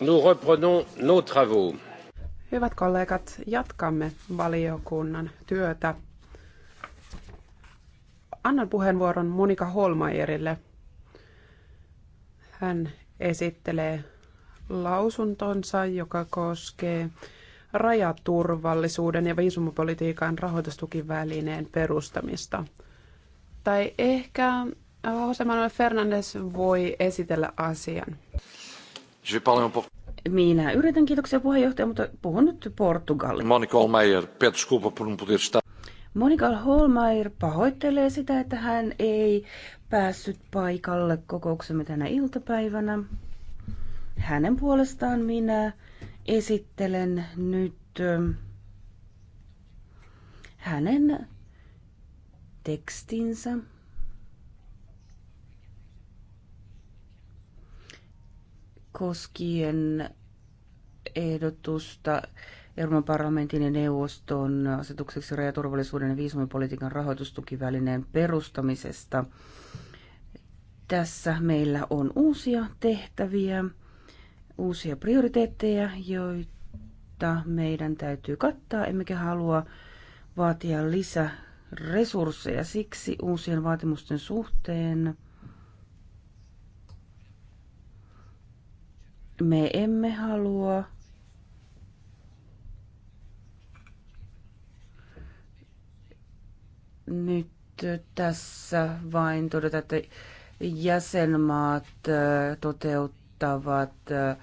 Nous reprenons nos travaux. Hyvät kollegat, jatkamme valiokunnan työtä. Annan puheenvuoron Monika Holmaierille. Hän esittelee lausuntonsa, joka koskee rajaturvallisuuden ja viisumapolitiikan rahoitustukivälineen perustamista. Tai ehkä Jose Manuel Fernandes voi esitellä asian. Je en Minä yritän, kiitoksia puheenjohtaja, mutta puhun nyt Portugalin. Monika Olmeier, desculpa por Monika Holmeier pahoittelee sitä, että hän ei päässyt paikalle kokouksemme tänä iltapäivänä. Hänen puolestaan minä esittelen nyt ähm, hänen tekstinsä. koskien ehdotusta Euroopan parlamentin ja neuvoston asetukseksi rajaturvallisuuden ja viisumipolitiikan rahoitustukivälineen perustamisesta. Tässä meillä on uusia tehtäviä, uusia prioriteetteja, joita meidän täytyy kattaa, emmekä halua vaatia lisäresursseja. Siksi uusien vaatimusten suhteen Me emme halua nyt tässä vain todeta, että jäsenmaat äh, toteuttavat äh,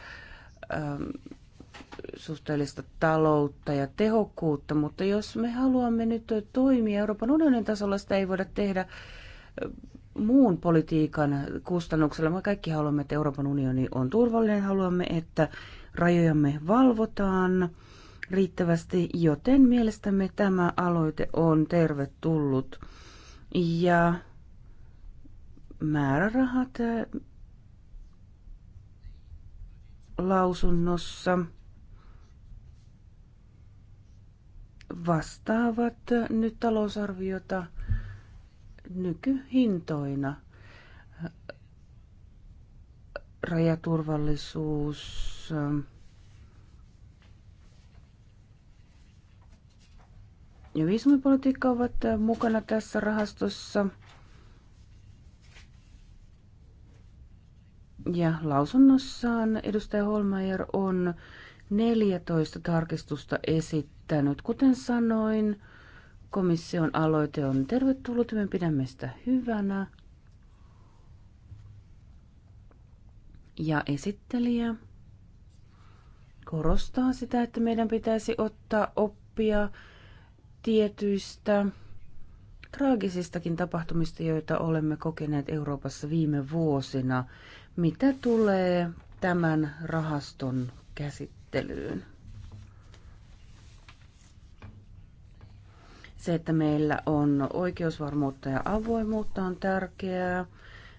ähm, suhteellista taloutta ja tehokkuutta, mutta jos me haluamme nyt toimia Euroopan unionin tasolla, sitä ei voida tehdä äh, muun politiikan kustannuksella. Me kaikki haluamme, että Euroopan unioni on turvallinen, haluamme, että rajojamme valvotaan riittävästi, joten mielestämme tämä aloite on tervetullut. Ja määrärahat äh, lausunnossa vastaavat nyt talousarviota – nykyhintoina. Rajaturvallisuus, ähm, ja viisumipolitiikka ovat äh, mukana tässä rahastossa. Ja lausunnossaan edustaja Holmeier on 14 tarkistusta esittänyt. Kuten sanoin, Komission aloite on tervetullut ja me pidämme sitä hyvänä. Ja esittelijä korostaa sitä, että meidän pitäisi ottaa oppia tietyistä traagisistakin tapahtumista, joita olemme kokeneet Euroopassa viime vuosina. Mitä tulee tämän rahaston käsittelyyn? Se, että meillä on oikeusvarmuutta ja avoimuutta on tärkeää.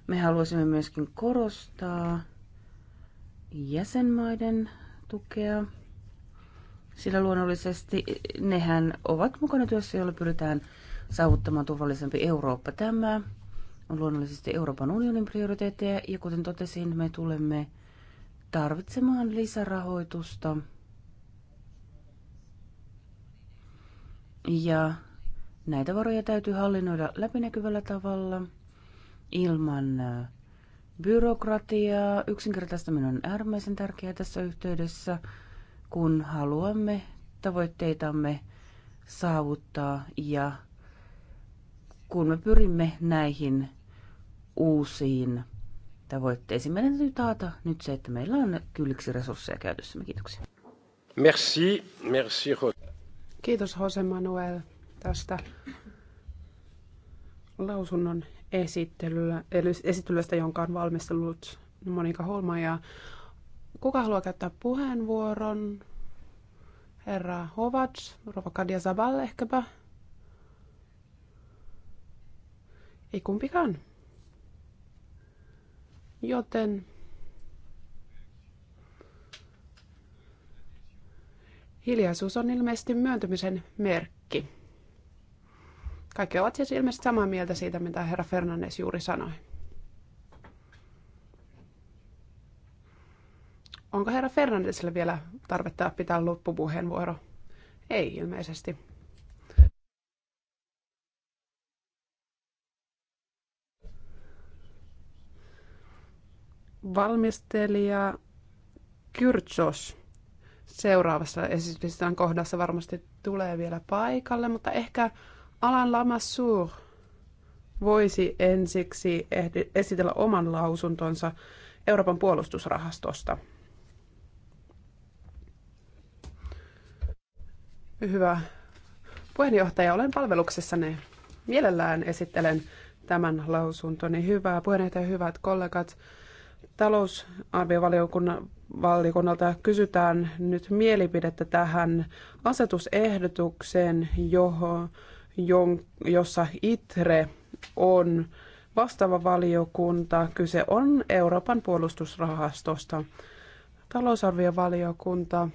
Me haluaisimme myöskin korostaa jäsenmaiden tukea, sillä luonnollisesti nehän ovat mukana työssä, jolla pyritään saavuttamaan turvallisempi Eurooppa. Tämä on luonnollisesti Euroopan unionin prioriteetteja ja kuten totesin, me tulemme tarvitsemaan lisärahoitusta. Ja Näitä varoja täytyy hallinnoida läpinäkyvällä tavalla ilman byrokratiaa. Yksinkertaistaminen on äärimmäisen tärkeää tässä yhteydessä, kun haluamme tavoitteitamme saavuttaa ja kun me pyrimme näihin uusiin tavoitteisiin. Meidän täytyy taata nyt se, että meillä on kylliksi resursseja käytössämme. Kiitoksia. Merci, merci. Kiitos Jose Manuel tästä lausunnon esittelyä, esittelystä, jonka on valmistellut Monika Holma. Ja kuka haluaa käyttää puheenvuoron? Herra Hovats, Rova Kadia Zabal ehkäpä. Ei kumpikaan. Joten hiljaisuus on ilmeisesti myöntymisen merkki. Kaikki ovat siis ilmeisesti samaa mieltä siitä, mitä herra Fernandes juuri sanoi. Onko herra Fernandesille vielä tarvetta pitää loppupuheenvuoro? Ei ilmeisesti. Valmistelija Kyrtsos seuraavassa esityksessä kohdassa varmasti tulee vielä paikalle, mutta ehkä Alan Lamassur voisi ensiksi esitellä oman lausuntonsa Euroopan puolustusrahastosta. Hyvä puheenjohtaja, olen palveluksessani. Mielellään esittelen tämän lausuntoni. Hyvää puheenjohtaja, hyvät kollegat. Talousarviovaliokunnalta kysytään nyt mielipidettä tähän asetusehdotukseen, johon jossa ITRE on vastaava valiokunta. Kyse on Euroopan puolustusrahastosta. Talousarviovaliokunta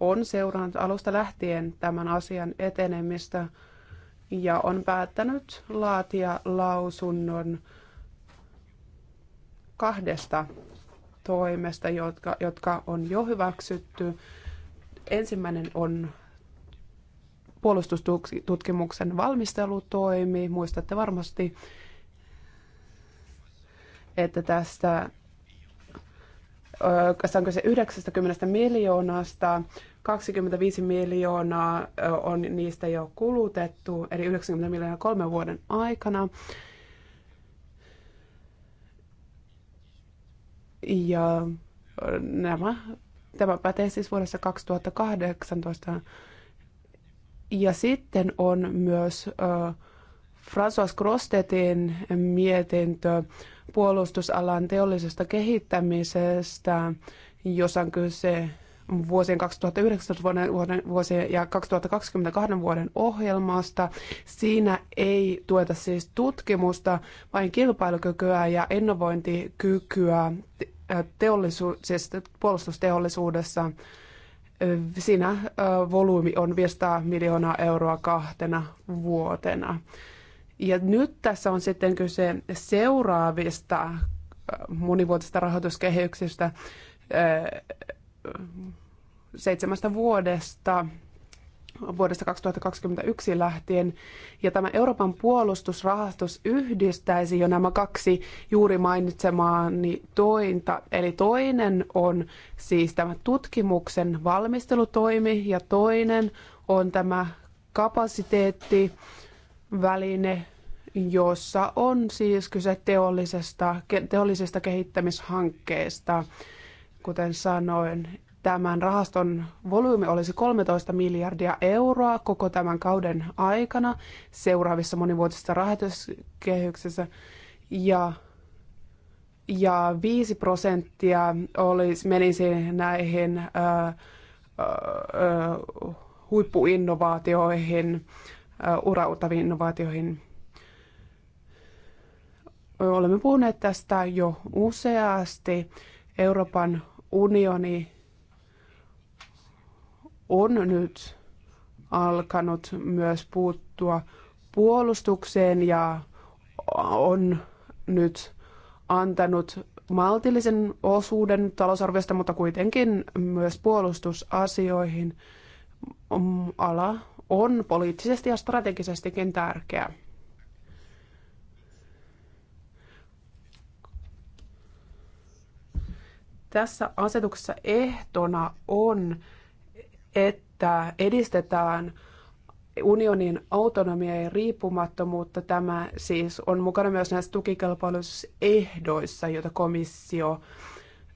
on seurannut alusta lähtien tämän asian etenemistä ja on päättänyt laatia lausunnon kahdesta toimesta, jotka, jotka on jo hyväksytty. Ensimmäinen on puolustustutkimuksen valmistelutoimi. Muistatte varmasti, että tästä tässä on kyse 90 miljoonasta, 25 miljoonaa on niistä jo kulutettu, eli 90 miljoonaa kolmen vuoden aikana. Ja nämä, tämä pätee siis vuodessa 2018 ja sitten on myös François Crostetin mietintö puolustusalan teollisesta kehittämisestä, jossa on kyse vuosien 2019 vuoden, vuoden, vuosien ja 2022 vuoden ohjelmasta. Siinä ei tueta siis tutkimusta, vain kilpailukykyä ja innovointikykyä teollisu- siis puolustusteollisuudessa. Siinä volyymi on 500 miljoonaa euroa kahtena vuotena. Ja nyt tässä on sitten kyse seuraavista monivuotisista rahoituskehyksistä seitsemästä vuodesta vuodesta 2021 lähtien. Ja tämä Euroopan puolustusrahastus yhdistäisi jo nämä kaksi juuri mainitsemaani tointa. Eli toinen on siis tämä tutkimuksen valmistelutoimi ja toinen on tämä kapasiteettiväline, jossa on siis kyse teollisesta, teollisesta kehittämishankkeesta, kuten sanoin tämän rahaston volyymi olisi 13 miljardia euroa koko tämän kauden aikana seuraavissa monivuotisissa rahoituskehyksissä. Ja, ja 5 prosenttia olisi, menisi näihin ö, ö, huippuinnovaatioihin, ö, urauttaviin innovaatioihin. Olemme puhuneet tästä jo useasti. Euroopan unioni on nyt alkanut myös puuttua puolustukseen ja on nyt antanut maltillisen osuuden talousarviosta, mutta kuitenkin myös puolustusasioihin. Mm, ala on poliittisesti ja strategisestikin tärkeä. Tässä asetuksessa ehtona on, että edistetään unionin autonomiaa ja riippumattomuutta. Tämä siis on mukana myös näissä tukikelpoisuusehdoissa, joita komissio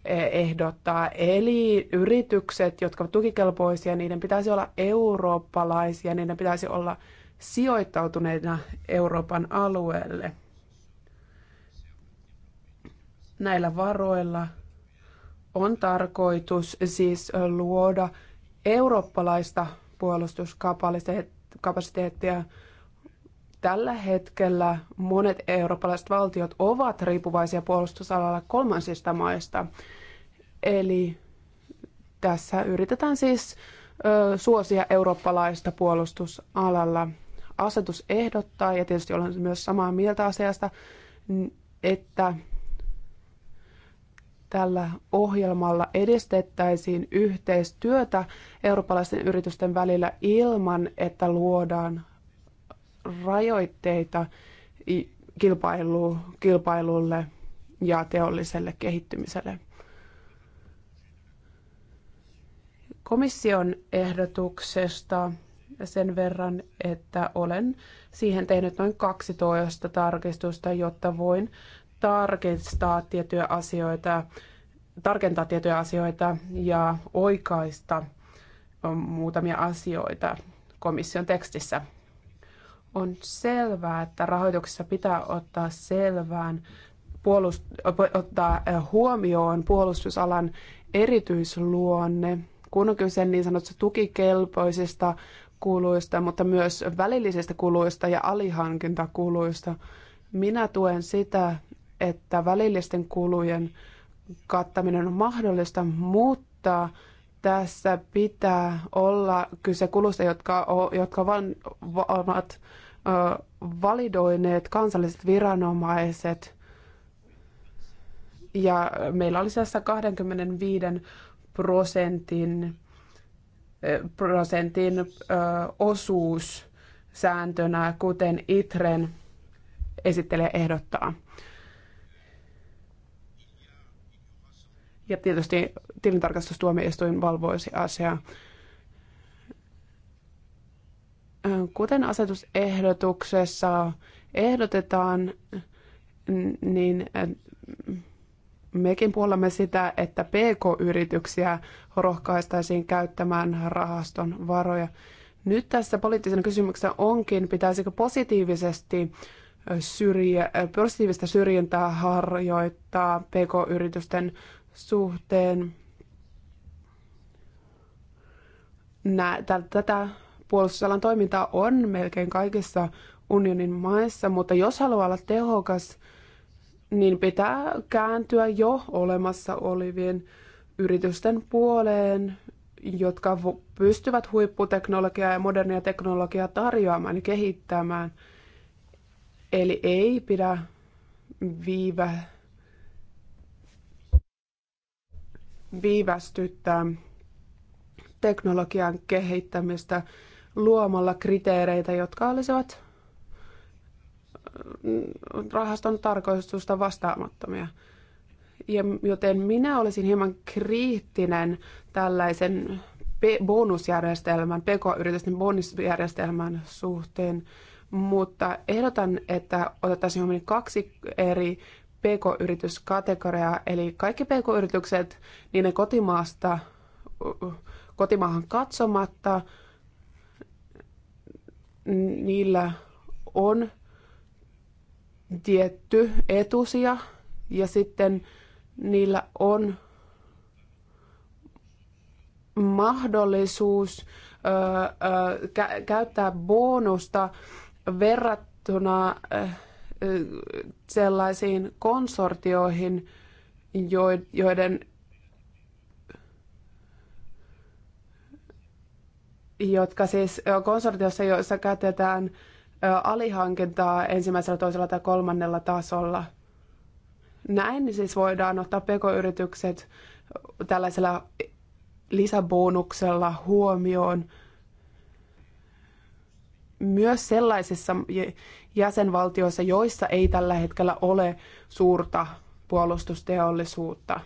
eh, ehdottaa. Eli yritykset, jotka ovat tukikelpoisia, niiden pitäisi olla eurooppalaisia, niiden pitäisi olla sijoittautuneina Euroopan alueelle. Näillä varoilla on tarkoitus siis luoda eurooppalaista puolustuskapasiteettia. Tällä hetkellä monet eurooppalaiset valtiot ovat riippuvaisia puolustusalalla kolmansista maista. Eli tässä yritetään siis ö, suosia eurooppalaista puolustusalalla. Asetus ehdottaa, ja tietysti olen myös samaa mieltä asiasta, että tällä ohjelmalla edistettäisiin yhteistyötä eurooppalaisten yritysten välillä ilman, että luodaan rajoitteita kilpailu, kilpailulle ja teolliselle kehittymiselle. Komission ehdotuksesta sen verran, että olen siihen tehnyt noin 12 tarkistusta, jotta voin tarkistaa tiettyjä asioita, tarkentaa tiettyjä asioita ja oikaista um, muutamia asioita komission tekstissä. On selvää, että rahoituksessa pitää ottaa selvään puolust- ottaa eh, huomioon puolustusalan erityisluonne, kun on kyse niin sanotusta tukikelpoisista kuluista, mutta myös välillisistä kuluista ja alihankintakuluista. Minä tuen sitä, että välillisten kulujen kattaminen on mahdollista, mutta tässä pitää olla kyse kulusta, jotka, jotka van, ovat validoineet kansalliset viranomaiset. Ja meillä oli tässä 25 prosentin, prosentin osuus sääntönä, kuten ITREN esittelijä ehdottaa. Ja tietysti tilintarkastustuomioistuin valvoisi asiaa. Kuten asetusehdotuksessa ehdotetaan, niin mekin puolemme sitä, että PK-yrityksiä rohkaistaisiin käyttämään rahaston varoja. Nyt tässä poliittisena kysymyksessä onkin, pitäisikö positiivisesti syrjä, positiivista syrjintää harjoittaa PK-yritysten suhteen. Nä, tätä puolustusalan toimintaa on melkein kaikissa unionin maissa, mutta jos haluaa olla tehokas, niin pitää kääntyä jo olemassa olevien yritysten puoleen, jotka pystyvät huipputeknologiaa ja modernia teknologiaa tarjoamaan ja kehittämään. Eli ei pidä viivästää viivästyttää teknologian kehittämistä luomalla kriteereitä, jotka olisivat äh, rahaston tarkoitusta vastaamattomia. Ja joten minä olisin hieman kriittinen tällaisen bonusjärjestelmän, pk-yritysten bonusjärjestelmän suhteen, mutta ehdotan, että otettaisiin kaksi eri pk-yrityskategoriaa, eli kaikki pk-yritykset, niin ne kotimaasta, kotimaahan katsomatta, niillä on tietty etusia ja sitten niillä on mahdollisuus ö, ö, kä- käyttää bonusta verrattuna ö, sellaisiin konsortioihin, joiden jotka siis konsortiossa, joissa käytetään alihankintaa ensimmäisellä, toisella tai kolmannella tasolla. Näin siis voidaan ottaa pk-yritykset tällaisella lisäbonuksella huomioon – myös sellaisissa jäsenvaltioissa, joissa ei tällä hetkellä ole suurta puolustusteollisuutta.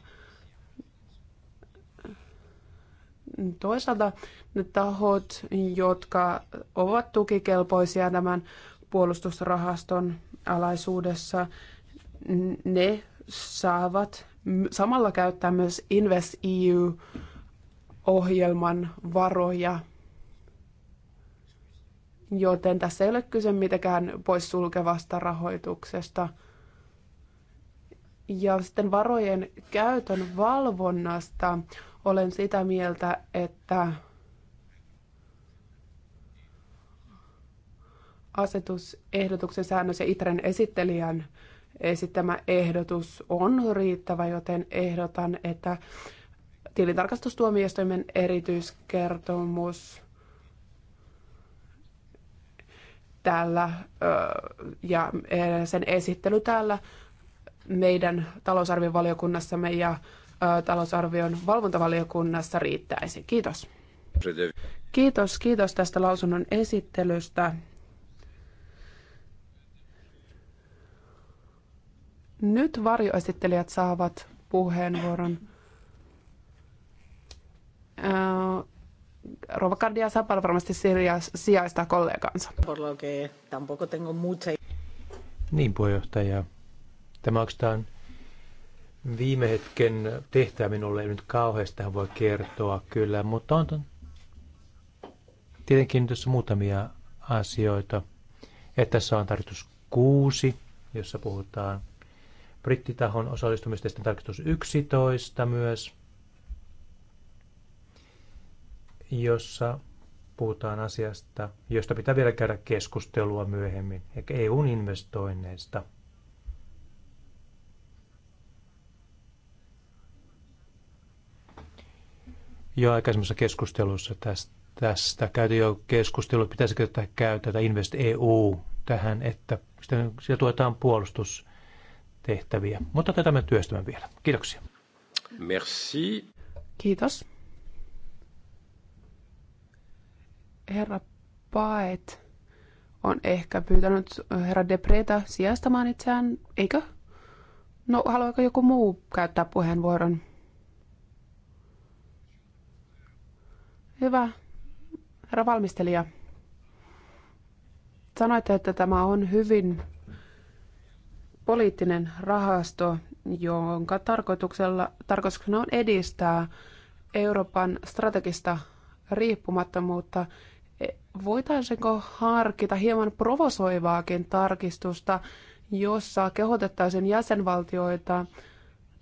Toisaalta ne tahot, jotka ovat tukikelpoisia tämän puolustusrahaston alaisuudessa, ne saavat samalla käyttää myös investeu ohjelman varoja joten tässä ei ole kyse mitenkään poissulkevasta rahoituksesta. Ja sitten varojen käytön valvonnasta olen sitä mieltä, että asetusehdotuksen säännös ja ITREn esittelijän esittämä ehdotus on riittävä, joten ehdotan, että tilintarkastustuomioistuimen erityiskertomus täällä ja sen esittely täällä meidän talousarviovaliokunnassamme ja talousarvion valvontavaliokunnassa riittäisi. Kiitos. Kiitos, kiitos tästä lausunnon esittelystä. Nyt varjoesittelijät saavat puheenvuoron. Rova Kardia Sapal varmasti sijaista kollegansa. Niin, puheenjohtaja. Tämä on viime hetken tehtävä minulle ei nyt kauheasti voi kertoa kyllä, mutta on ton... tietenkin tässä muutamia asioita. Että tässä on tarkoitus kuusi, jossa puhutaan brittitahon osallistumisesta, sitten tarkoitus 11 myös – jossa puhutaan asiasta, josta pitää vielä käydä keskustelua myöhemmin, EUn investoinneista. Jo aikaisemmassa keskustelussa tästä, tästä käytiin jo keskustelua, pitäisikö tätä käyttää, tätä Invest EU tähän, että siellä tuetaan puolustustehtäviä. Mutta tätä me työstämme vielä. Kiitoksia. Merci. Kiitos. herra Paet on ehkä pyytänyt herra Depreta sijastamaan itseään, eikö? No, haluaako joku muu käyttää puheenvuoron? Hyvä. Herra valmistelija, sanoitte, että tämä on hyvin poliittinen rahasto, jonka tarkoituksella, tarkoituksena on edistää Euroopan strategista riippumattomuutta Voitaisiinko harkita hieman provosoivaakin tarkistusta, jossa kehotettaisiin jäsenvaltioita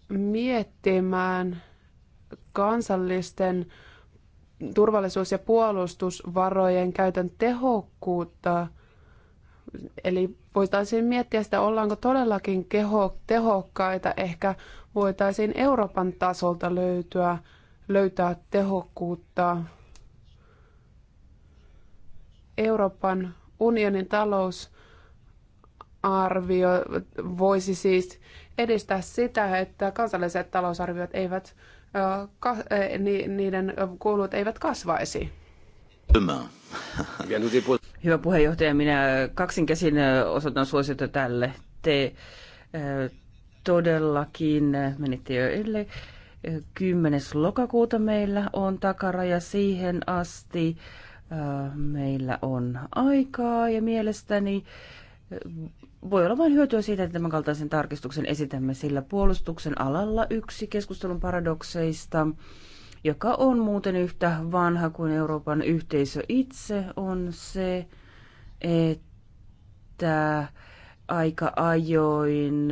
miettimään kansallisten turvallisuus- ja puolustusvarojen käytön tehokkuutta. Eli voitaisiin miettiä sitä, ollaanko todellakin keho, tehokkaita. Ehkä voitaisiin Euroopan tasolta löytyä, löytää tehokkuutta Euroopan unionin talousarvio voisi siis edistää sitä, että kansalliset talousarviot eivät, niiden kulut eivät kasvaisi. Hyvä puheenjohtaja, minä kaksin käsin osoitan suosiota tälle. Te todellakin menitte jo edelleen. 10. lokakuuta meillä on takaraja siihen asti meillä on aikaa ja mielestäni voi olla vain hyötyä siitä, että tämän kaltaisen tarkistuksen esitämme sillä puolustuksen alalla yksi keskustelun paradokseista, joka on muuten yhtä vanha kuin Euroopan yhteisö itse, on se, että aika ajoin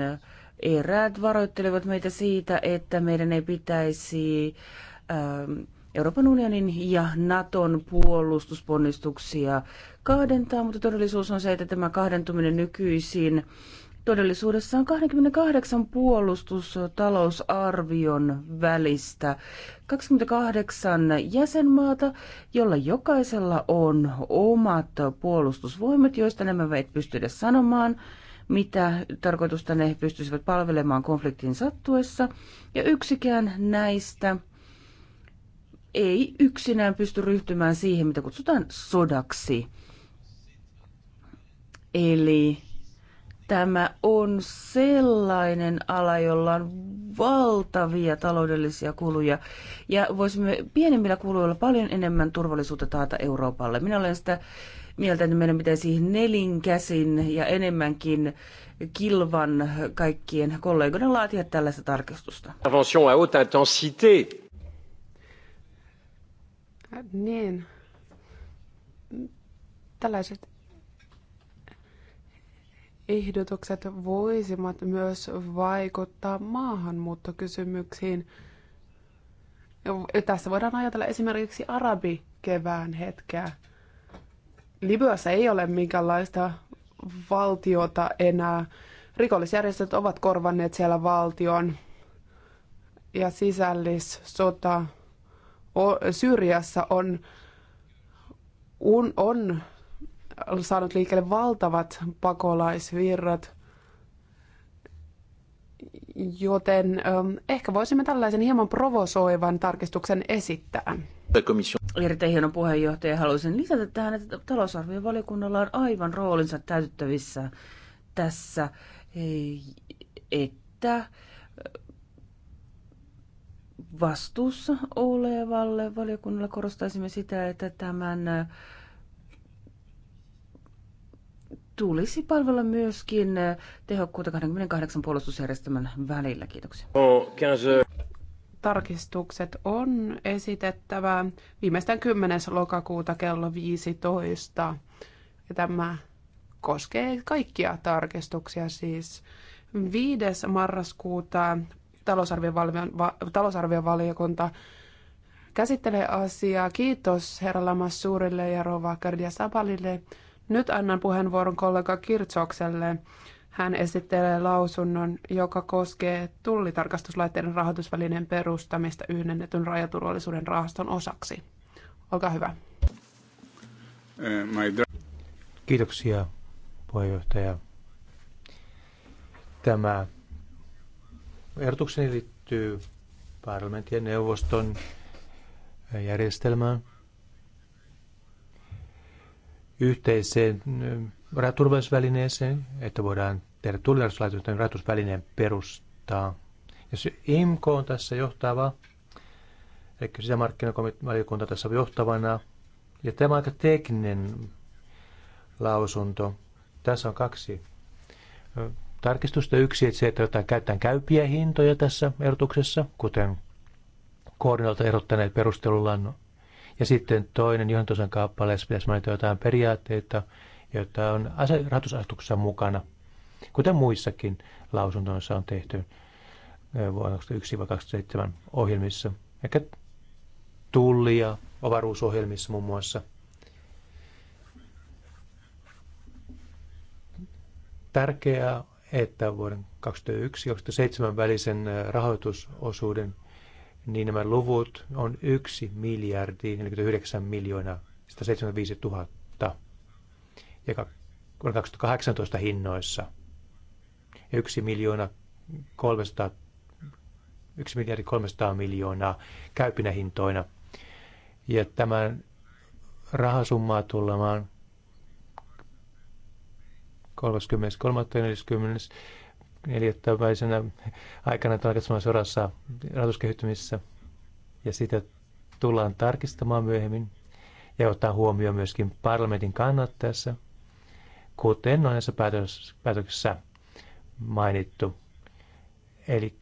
eräät varoittelevat meitä siitä, että meidän ei pitäisi ähm, Euroopan unionin ja Naton puolustusponnistuksia kahdentaa, mutta todellisuus on se, että tämä kahdentuminen nykyisin todellisuudessa on 28 puolustustalousarvion välistä 28 jäsenmaata, jolla jokaisella on omat puolustusvoimat, joista nämä eivät pysty edes sanomaan, mitä tarkoitusta ne pystyisivät palvelemaan konfliktin sattuessa, ja yksikään näistä – ei yksinään pysty ryhtymään siihen, mitä kutsutaan sodaksi. Eli tämä on sellainen ala, jolla on valtavia taloudellisia kuluja ja voisimme pienemmillä kuluilla paljon enemmän turvallisuutta taata Euroopalle. Minä olen sitä mieltä, että meidän pitäisi nelinkäsin ja enemmänkin kilvan kaikkien kollegoiden laatia tällaista tarkistusta. Intervention à haute intensité niin. Tällaiset ehdotukset voisivat myös vaikuttaa maahanmuuttokysymyksiin. Tässä voidaan ajatella esimerkiksi arabikevään hetkeä. Libyassa ei ole minkäänlaista valtiota enää. Rikollisjärjestöt ovat korvanneet siellä valtion ja sisällissota Syyriassa on, on, on saanut liikkeelle valtavat pakolaisvirrat, joten ähm, ehkä voisimme tällaisen hieman provosoivan tarkistuksen esittää. Erittäin hieno puheenjohtaja. Haluaisin lisätä tähän, että talousarviovaliokunnalla on aivan roolinsa täytettävissä tässä, että vastuussa olevalle valiokunnalle korostaisimme sitä, että tämän tulisi palvella myöskin tehokkuutta 28 puolustusjärjestelmän välillä. Kiitoksia. Tarkistukset on esitettävä viimeistään 10. lokakuuta kello 15. Ja tämä koskee kaikkia tarkistuksia siis. 5. marraskuuta talousarviovaliokunta käsittelee asiaa. Kiitos herra Lamassuurille ja Rova Kardia Sabalille. Nyt annan puheenvuoron kollega Kirtsokselle. Hän esittelee lausunnon, joka koskee tullitarkastuslaitteiden rahoitusvälineen perustamista yhdennetyn rajaturvallisuuden rahaston osaksi. Olkaa hyvä. Kiitoksia, puheenjohtaja. Tämä Ehdotukseni liittyy parlamentin ja neuvoston eh, järjestelmään, yhteiseen eh, rajaturvallisuusvälineeseen, että voidaan tehdä turvallisuuslaitosten rajoitusvälineen perustaa. Ja se IMKO on tässä johtava, eli sisämarkkinavaliokunta tässä johtavana. Ja tämä on aika tekninen lausunto. Tässä on kaksi eh, tarkistusta. Yksi, että se, että jotain käytetään käypiä hintoja tässä erotuksessa, kuten koordinaalta erottaneet perustelullaan. Ja sitten toinen johdantosan kappaleessa pitäisi mainita jotain periaatteita, joita on rahoitusasetuksessa mukana, kuten muissakin lausuntoissa on tehty vuonna 2001-2007 ohjelmissa, ehkä tulli- ja avaruusohjelmissa muun muassa. Tärkeää että vuoden 2001-2007 välisen äh, rahoitusosuuden, niin nämä luvut on 1 miljardi 49 miljoonaa 175 000 ja vuoden 2018 hinnoissa 1 miljoona 300 1 miljardi 300 miljoonaa käypinä hintoina. Ja tämän rahasummaa tullaan 33.40. väisenä aikana tarkastamaan katsomaan seuraavassa rahoituskehittymisessä ja sitä tullaan tarkistamaan myöhemmin ja ottaa huomioon myöskin parlamentin kannat tässä, kuten näissä päätöksissä mainittu. Eli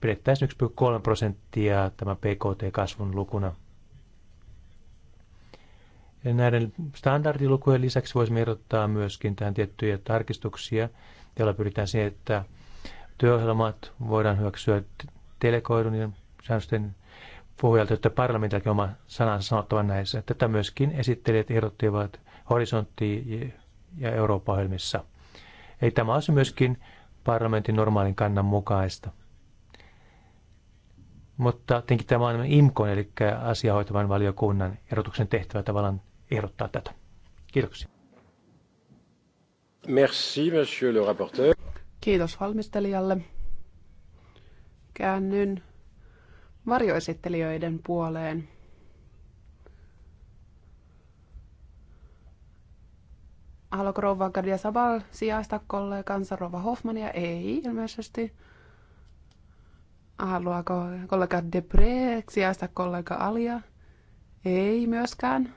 pidettäisiin 1,3 prosenttia tämä PKT-kasvun lukuna ja näiden standardilukujen lisäksi voisi ehdottaa myöskin tähän tiettyjä tarkistuksia, joilla pyritään siihen, että työohjelmat voidaan hyväksyä telekoidun ja säännösten pohjalta, että parlamentillakin oma sanansa sanottava näissä. Tätä myöskin esittelijät ehdottivat horisontti- ja Euroopan ohjelmissa Eli tämä olisi myöskin parlamentin normaalin kannan mukaista. Mutta tietenkin tämä on IMKON, eli asiahoitavan valiokunnan erotuksen tehtävä tavallaan ehdottaa tätä. Kiitoksia. Merci, monsieur le rapporteur. Kiitos valmistelijalle. Käännyn varjoesittelijöiden puoleen. Haluatko rouva Gardia Sabal sijaista kollegansa Rova Hoffmania? Ei ilmeisesti. Haluatko kollega Debre sijaista kollega Alia? Ei myöskään.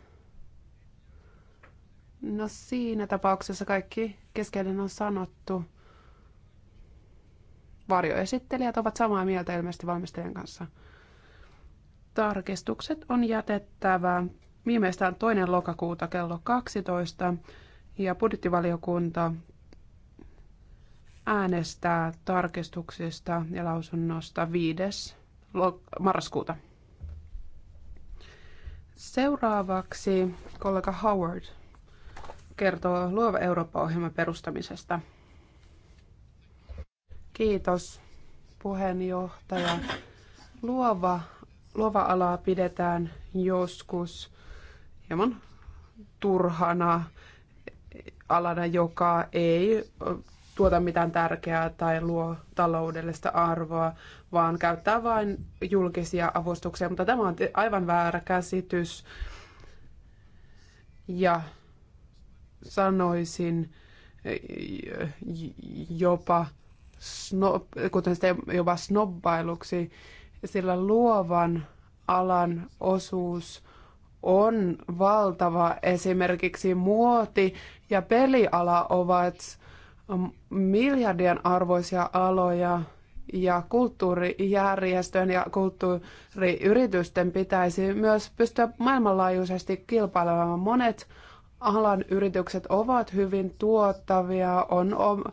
No siinä tapauksessa kaikki keskeinen on sanottu. Varjoesittelijät ovat samaa mieltä ilmeisesti valmistajan kanssa. Tarkistukset on jätettävä viimeistään toinen lokakuuta kello 12 ja budjettivaliokunta äänestää tarkistuksista ja lausunnosta 5. marraskuuta. Seuraavaksi kollega Howard kertoo Luova Eurooppa-ohjelman perustamisesta. Kiitos puheenjohtaja. Luova, luova alaa pidetään joskus hieman turhana alana, joka ei tuota mitään tärkeää tai luo taloudellista arvoa, vaan käyttää vain julkisia avustuksia. Mutta tämä on aivan väärä käsitys. Ja sanoisin jopa, snob, kuten sitä jopa snobbailuksi, sillä luovan alan osuus on valtava. Esimerkiksi muoti ja peliala ovat miljardien arvoisia aloja ja kulttuurijärjestöjen ja kulttuuriyritysten pitäisi myös pystyä maailmanlaajuisesti kilpailemaan. Monet alan yritykset ovat hyvin tuottavia, on, on,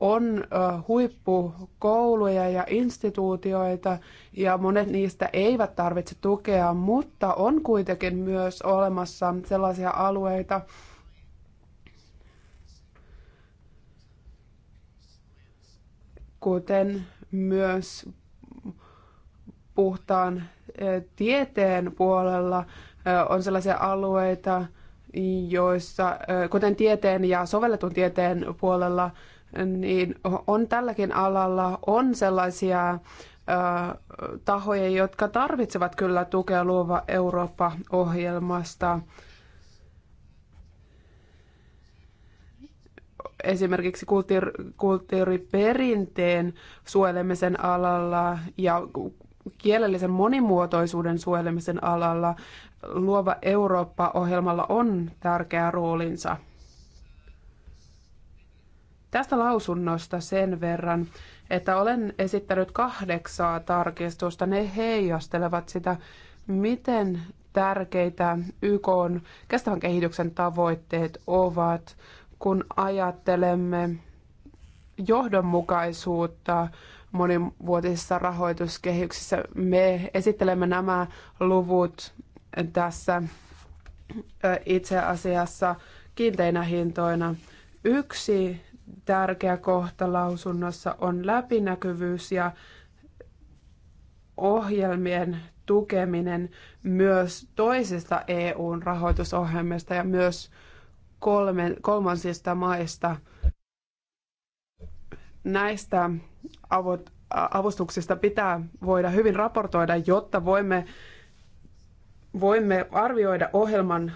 on huippukouluja ja instituutioita, ja monet niistä eivät tarvitse tukea, mutta on kuitenkin myös olemassa sellaisia alueita, kuten myös puhtaan tieteen puolella on sellaisia alueita, joissa, kuten tieteen ja sovelletun tieteen puolella, niin on tälläkin alalla on sellaisia tahoja, jotka tarvitsevat kyllä tukea Luova Eurooppa-ohjelmasta. Esimerkiksi kulttuuriperinteen suojelemisen alalla ja kielellisen monimuotoisuuden suojelemisen alalla Luova Eurooppa-ohjelmalla on tärkeä roolinsa. Tästä lausunnosta sen verran, että olen esittänyt kahdeksaa tarkistusta. Ne heijastelevat sitä, miten tärkeitä YK on kestävän kehityksen tavoitteet ovat, kun ajattelemme johdonmukaisuutta monivuotisessa rahoituskehyksessä Me esittelemme nämä luvut tässä itse asiassa kiinteinä hintoina. Yksi tärkeä kohta lausunnossa on läpinäkyvyys ja ohjelmien tukeminen myös toisista EUn rahoitusohjelmista ja myös kolmansista maista – näistä avustuksista pitää voida hyvin raportoida, jotta voimme, voimme arvioida ohjelman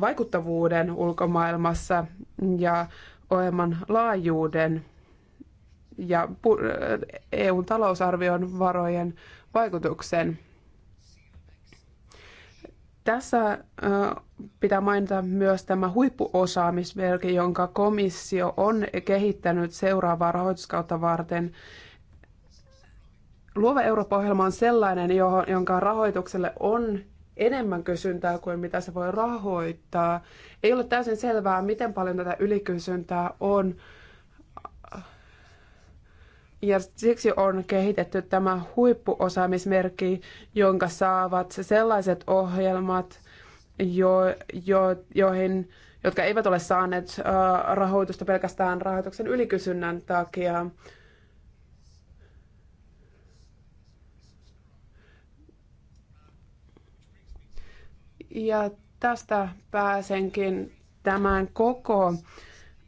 vaikuttavuuden ulkomaailmassa ja ohjelman laajuuden ja EUn talousarvion varojen vaikutuksen. Tässä pitää mainita myös tämä huippuosaamismerkki, jonka komissio on kehittänyt seuraavaa rahoituskautta varten. Luova Eurooppa-ohjelma on sellainen, jonka rahoitukselle on enemmän kysyntää kuin mitä se voi rahoittaa. Ei ole täysin selvää, miten paljon tätä ylikysyntää on, ja siksi on kehitetty tämä huippuosaamismerkki, jonka saavat sellaiset ohjelmat, jo, jo, joihin, jotka eivät ole saaneet äh, rahoitusta pelkästään rahoituksen ylikysynnän takia. Ja tästä pääsenkin tämän koko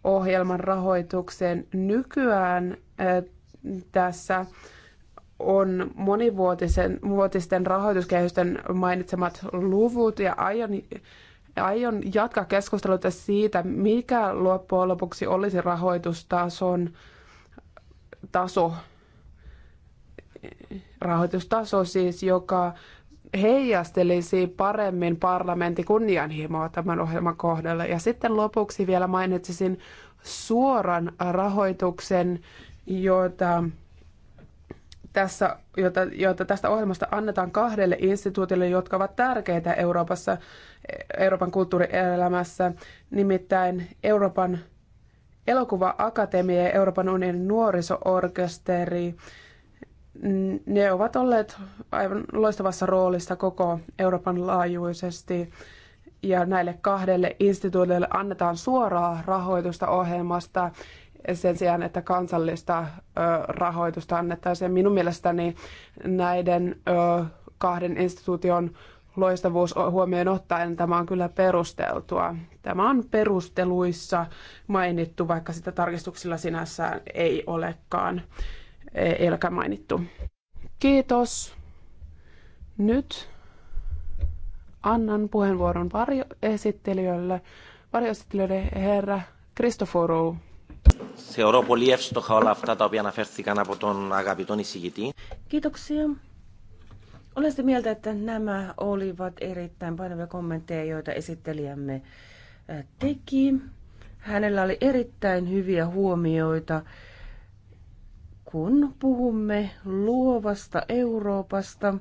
ohjelman rahoituksen Nykyään äh, tässä on monivuotisen rahoituskehysten mainitsemat luvut ja aion, aion jatkaa keskustelua siitä, mikä loppujen lopuksi olisi rahoitustason taso, rahoitustaso siis, joka heijastelisi paremmin parlamentin kunnianhimoa tämän ohjelman kohdalla. Ja sitten lopuksi vielä mainitsisin suoran rahoituksen jota tässä, jota, jota tästä ohjelmasta annetaan kahdelle instituutille, jotka ovat tärkeitä Euroopassa, Euroopan kulttuurielämässä, nimittäin Euroopan elokuva-akatemia ja Euroopan unionin nuorisoorkesteri. Ne ovat olleet aivan loistavassa roolissa koko Euroopan laajuisesti ja näille kahdelle instituutille annetaan suoraa rahoitusta ohjelmasta sen sijaan, että kansallista rahoitusta annettaisiin. Minun mielestäni näiden kahden instituution loistavuus huomioon ottaen tämä on kyllä perusteltua. Tämä on perusteluissa mainittu, vaikka sitä tarkistuksilla sinänsä ei olekaan, e, ei olekaan mainittu. Kiitos. Nyt annan puheenvuoron varjoesittelijöille, varjoesittelijöiden herra Kristoforu. Θεωρώ πολύ εύστοχα όλα αυτά τα οποία αναφέρθηκαν από τον αγαπητό εισηγητή. Kiitoksia. Olen sitä mieltä, että nämä olivat erittäin painavia kommentteja, joita esittelijämme äh, teki. Hänellä oli erittäin hyviä huomioita, kun puhumme luovasta Euroopasta.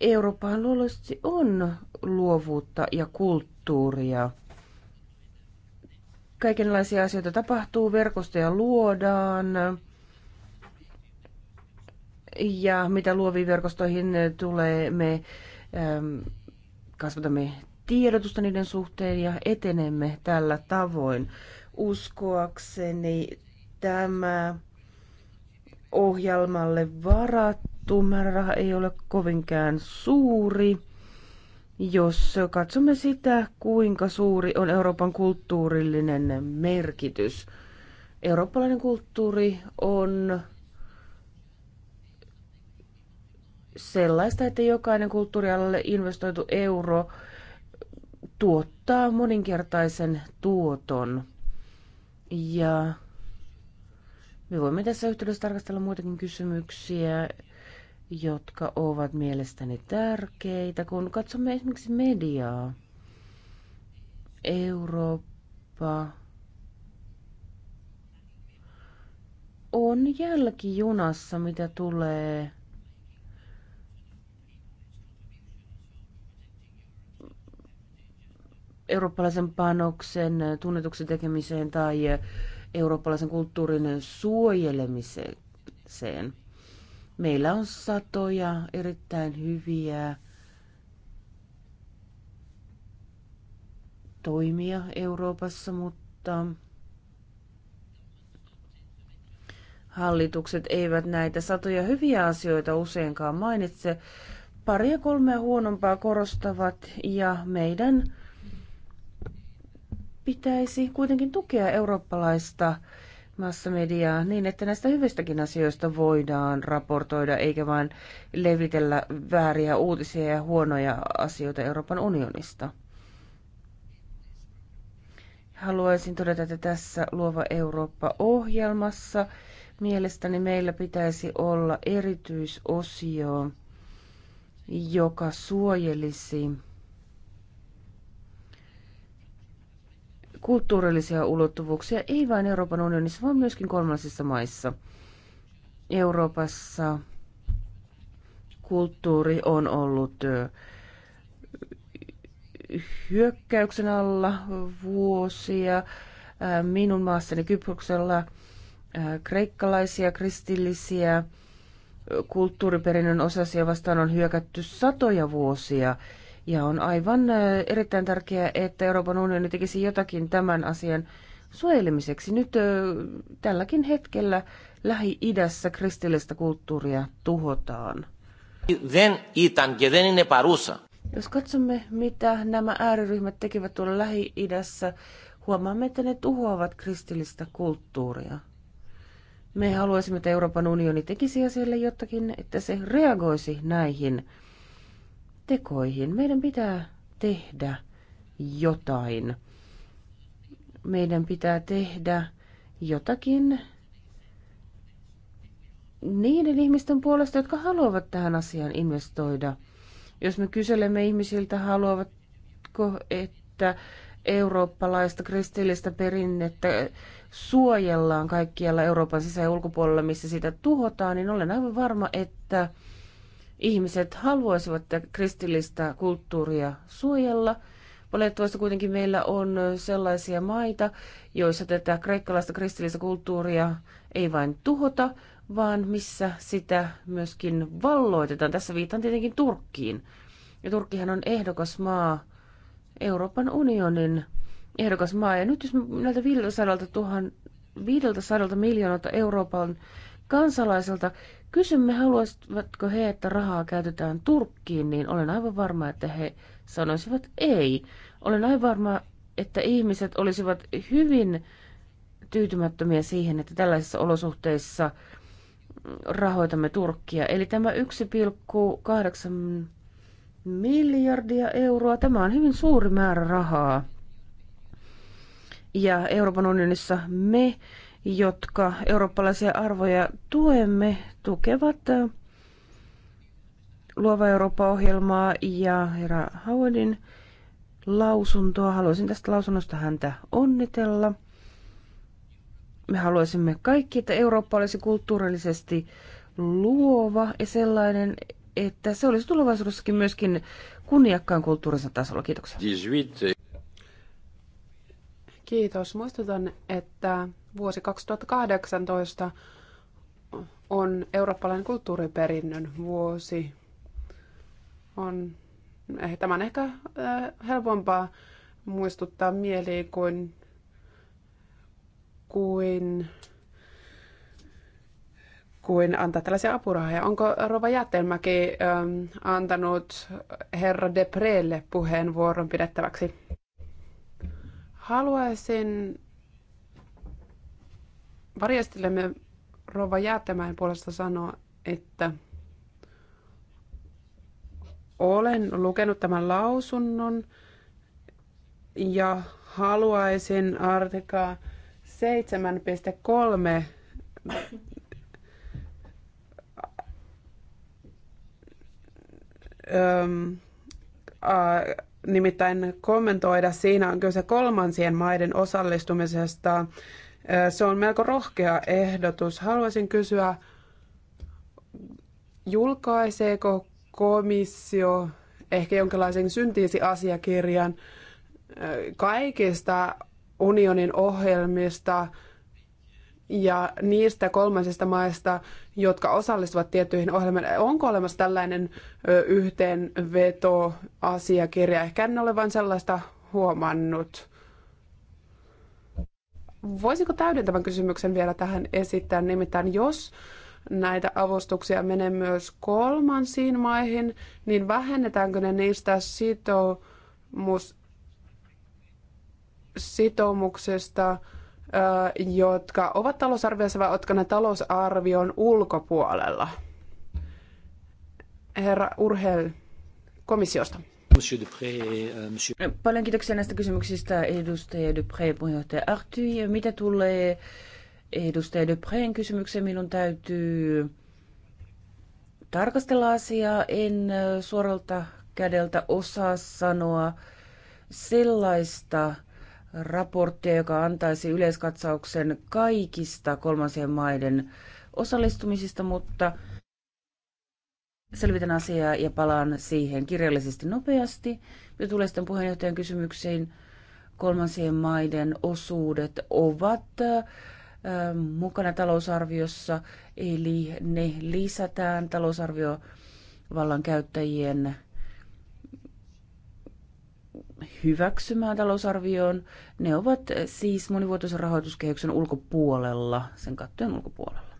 Euroopan luonnollisesti on luovuutta ja kulttuuria. Kaikenlaisia asioita tapahtuu, verkostoja luodaan. Ja mitä luoviin verkostoihin tulee, me ähm, kasvatamme tiedotusta niiden suhteen ja etenemme tällä tavoin. Uskoakseni tämä ohjelmalle varattu määräraha ei ole kovinkään suuri. Jos katsomme sitä, kuinka suuri on Euroopan kulttuurillinen merkitys. Eurooppalainen kulttuuri on sellaista, että jokainen kulttuurialalle investoitu euro tuottaa moninkertaisen tuoton. Ja me voimme tässä yhteydessä tarkastella muitakin kysymyksiä, jotka ovat mielestäni tärkeitä, kun katsomme esimerkiksi mediaa. Eurooppa on jälkijunassa, mitä tulee eurooppalaisen panoksen tunnetuksi tekemiseen tai eurooppalaisen kulttuurin suojelemiseen. Meillä on satoja erittäin hyviä toimia Euroopassa, mutta hallitukset eivät näitä satoja hyviä asioita useinkaan mainitse. Pari ja kolmea huonompaa korostavat ja meidän pitäisi kuitenkin tukea eurooppalaista massamediaa niin, että näistä hyvistäkin asioista voidaan raportoida, eikä vain levitellä vääriä uutisia ja huonoja asioita Euroopan unionista. Haluaisin todeta, että tässä Luova Eurooppa-ohjelmassa mielestäni meillä pitäisi olla erityisosio, joka suojelisi kulttuurillisia ulottuvuuksia, ei vain Euroopan unionissa, vaan myöskin kolmansissa maissa. Euroopassa kulttuuri on ollut hyökkäyksen alla vuosia. Minun maassani Kyproksella kreikkalaisia, kristillisiä, kulttuuriperinnön osasia vastaan on hyökätty satoja vuosia. Ja on aivan erittäin tärkeää, että Euroopan unioni tekisi jotakin tämän asian suojelemiseksi. Nyt tälläkin hetkellä Lähi-idässä kristillistä kulttuuria tuhotaan. Jos katsomme, mitä nämä ääriryhmät tekevät tuolla Lähi-idässä, huomaamme, että ne tuhoavat kristillistä kulttuuria. Me haluaisimme, että Euroopan unioni tekisi asialle jotakin, että se reagoisi näihin tekoihin. Meidän pitää tehdä jotain. Meidän pitää tehdä jotakin niiden ihmisten puolesta, jotka haluavat tähän asiaan investoida. Jos me kyselemme ihmisiltä, haluavatko, että eurooppalaista kristillistä perinnettä suojellaan kaikkialla Euroopan sisä- ja ulkopuolella, missä sitä tuhotaan, niin olen aivan varma, että ihmiset haluaisivat kristillistä kulttuuria suojella. Valitettavasti kuitenkin meillä on sellaisia maita, joissa tätä kreikkalaista kristillistä kulttuuria ei vain tuhota, vaan missä sitä myöskin valloitetaan. Tässä viitan tietenkin Turkkiin. Ja Turkkihan on ehdokas maa, Euroopan unionin ehdokas maa. Ja nyt jos näiltä 500 000, 500 miljoonalta Euroopan kansalaiselta kysymme, haluaisivatko he, että rahaa käytetään Turkkiin, niin olen aivan varma, että he sanoisivat ei. Olen aivan varma, että ihmiset olisivat hyvin tyytymättömiä siihen, että tällaisissa olosuhteissa rahoitamme Turkkia. Eli tämä 1,8 miljardia euroa, tämä on hyvin suuri määrä rahaa. Ja Euroopan unionissa me, jotka eurooppalaisia arvoja tuemme, tukevat äh, Luova Eurooppa-ohjelmaa ja herra Howardin lausuntoa. Haluaisin tästä lausunnosta häntä onnitella. Me haluaisimme kaikki, että Eurooppa olisi kulttuurillisesti luova ja sellainen, että se olisi tulevaisuudessakin myöskin kunniakkaan kulttuurisen tasolla. Kiitoksia. Kiitos. Muistutan, että vuosi 2018 on eurooppalainen kulttuuriperinnön vuosi. On, eh, tämä on ehkä eh, helpompaa muistuttaa mieliin kuin, kuin, kuin antaa tällaisia apurahoja. Onko Rova Jätelmäki ähm, antanut herra Deprelle puheenvuoron pidettäväksi? Haluaisin varjastelemme Rova Jäätämäen puolesta sanoa, että olen lukenut tämän lausunnon ja haluaisin artikaa 7.3 nimittäin kommentoida. Siinä on kyse kolmansien maiden osallistumisesta se on melko rohkea ehdotus. Haluaisin kysyä, julkaiseeko komissio ehkä jonkinlaisen syntiisi-asiakirjan kaikista unionin ohjelmista ja niistä kolmansista maista, jotka osallistuvat tiettyihin ohjelmiin. Onko olemassa tällainen yhteenveto-asiakirja? Ehkä en ole vain sellaista huomannut voisiko täydentävän kysymyksen vielä tähän esittää? Nimittäin jos näitä avustuksia menee myös kolmansiin maihin, niin vähennetäänkö ne niistä sitoumus, sitoumuksista, jotka ovat talousarviossa vai jotka ne talousarvion ulkopuolella? Herra Urheil, komissiosta. Monsieur Dupré, euh, monsieur... Paljon kiitoksia näistä kysymyksistä, edustaja Dupré, puheenjohtaja Artyi. Mitä tulee edustaja Dupreen kysymykseen, minun täytyy tarkastella asiaa. En suoralta kädeltä osaa sanoa sellaista raporttia, joka antaisi yleiskatsauksen kaikista kolmansien maiden osallistumisista, mutta selvitän asiaa ja palaan siihen kirjallisesti nopeasti. Ja tulee sitten puheenjohtajan kysymyksiin. Kolmansien maiden osuudet ovat mukana talousarviossa, eli ne lisätään talousarviovallan käyttäjien hyväksymään talousarvioon. Ne ovat siis monivuotoisen rahoituskehyksen ulkopuolella, sen kattojen ulkopuolella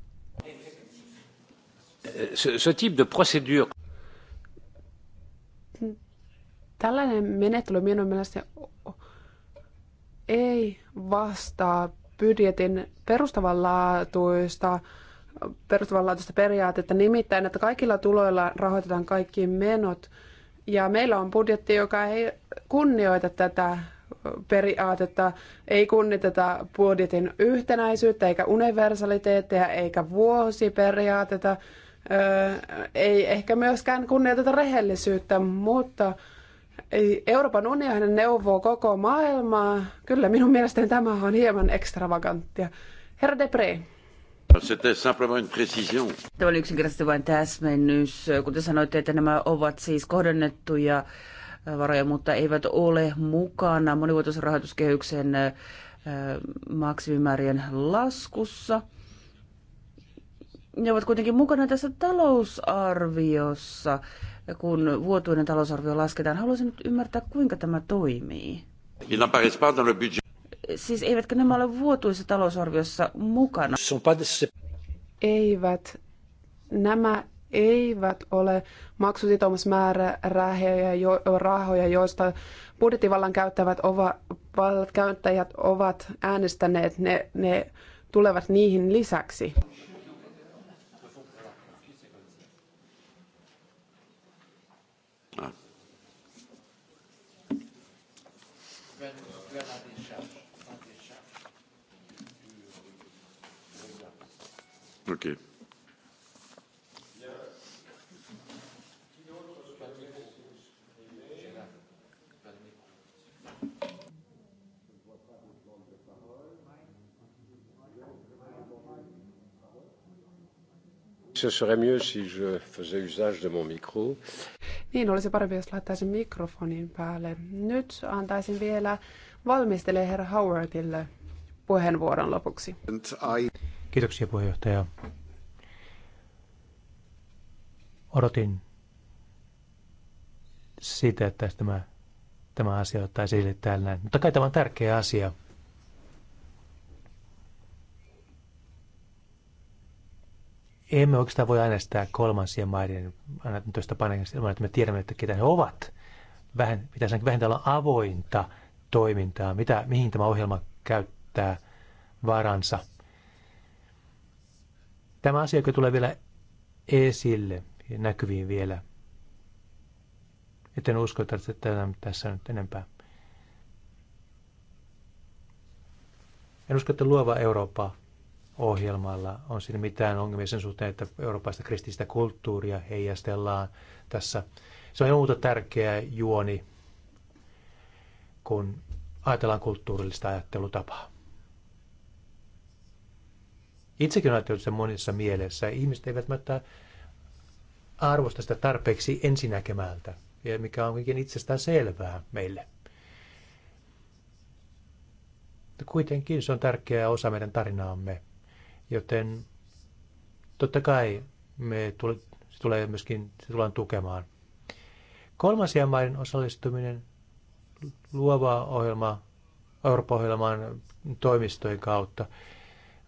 ce, type de procédure. Tällainen menettely minun mielestäni ei vastaa budjetin perustavanlaatuista, perustavanlaatuista periaatetta, nimittäin, että kaikilla tuloilla rahoitetaan kaikki menot. Ja meillä on budjetti, joka ei kunnioita tätä periaatetta, ei kunniteta budjetin yhtenäisyyttä, eikä universaliteetteja, eikä vuosiperiaatetta ei ehkä myöskään kunnioiteta rehellisyyttä, mutta Euroopan unioni neuvoo koko maailmaa. Kyllä minun mielestäni tämä on hieman ekstravaganttia. Herra Depre. Tämä oli yksinkertaisesti vain täsmennys. te sanoitte, että nämä ovat siis kohdennettuja varoja, mutta eivät ole mukana monivuotoisen rahoituskehyksen maksimimäärien laskussa – ne ovat kuitenkin mukana tässä talousarviossa, kun vuotuinen talousarvio lasketaan. Haluaisin nyt ymmärtää, kuinka tämä toimii. Siis eivätkö nämä ole vuotuisessa talousarviossa mukana? Eivät. Nämä eivät ole maksusitoumusmäärärahoja, jo, rahoja, joista budjettivallan käyttävät ova, käyttäjät ovat äänestäneet. Ne, ne tulevat niihin lisäksi. Okay. Se serait mieux si je faisais usage de mon micro. Niin olisi parempi, jos laittaisin mikrofonin päälle. Nyt antaisin vielä valmistele herra Howardille puheenvuoron lopuksi. And I... Kiitoksia puheenjohtaja. Odotin sitä, että tämä, tämä asia ottaisi esille täällä näin. Mutta kai tämä on tärkeä asia. Emme oikeastaan voi äänestää kolmansien maiden, aina paneelista ilman, että me tiedämme, että ketä he ovat. Vähän, pitäisi vähintään olla avointa toimintaa, mitä, mihin tämä ohjelma käyttää varansa – Tämä asia, joka tulee vielä esille ja näkyviin vielä. Et en usko, että tätä tässä nyt enempää. En usko, että luova Eurooppa ohjelmalla on siinä mitään ongelmia sen suhteen, että eurooppalaista kristillistä kulttuuria heijastellaan tässä. Se on muuta tärkeä juoni, kun ajatellaan kulttuurillista ajattelutapaa. Itsekin olen ajatellut sen monissa mielessä. Ihmiset eivät välttämättä arvosta sitä tarpeeksi ensinäkemältä, ja mikä on kuitenkin itsestään selvää meille. Kuitenkin se on tärkeä osa meidän tarinaamme, joten totta kai me tule, se tulee myöskin se tullaan tukemaan. Kolmansien maiden osallistuminen luova ohjelma, Euroopan ohjelman toimistojen kautta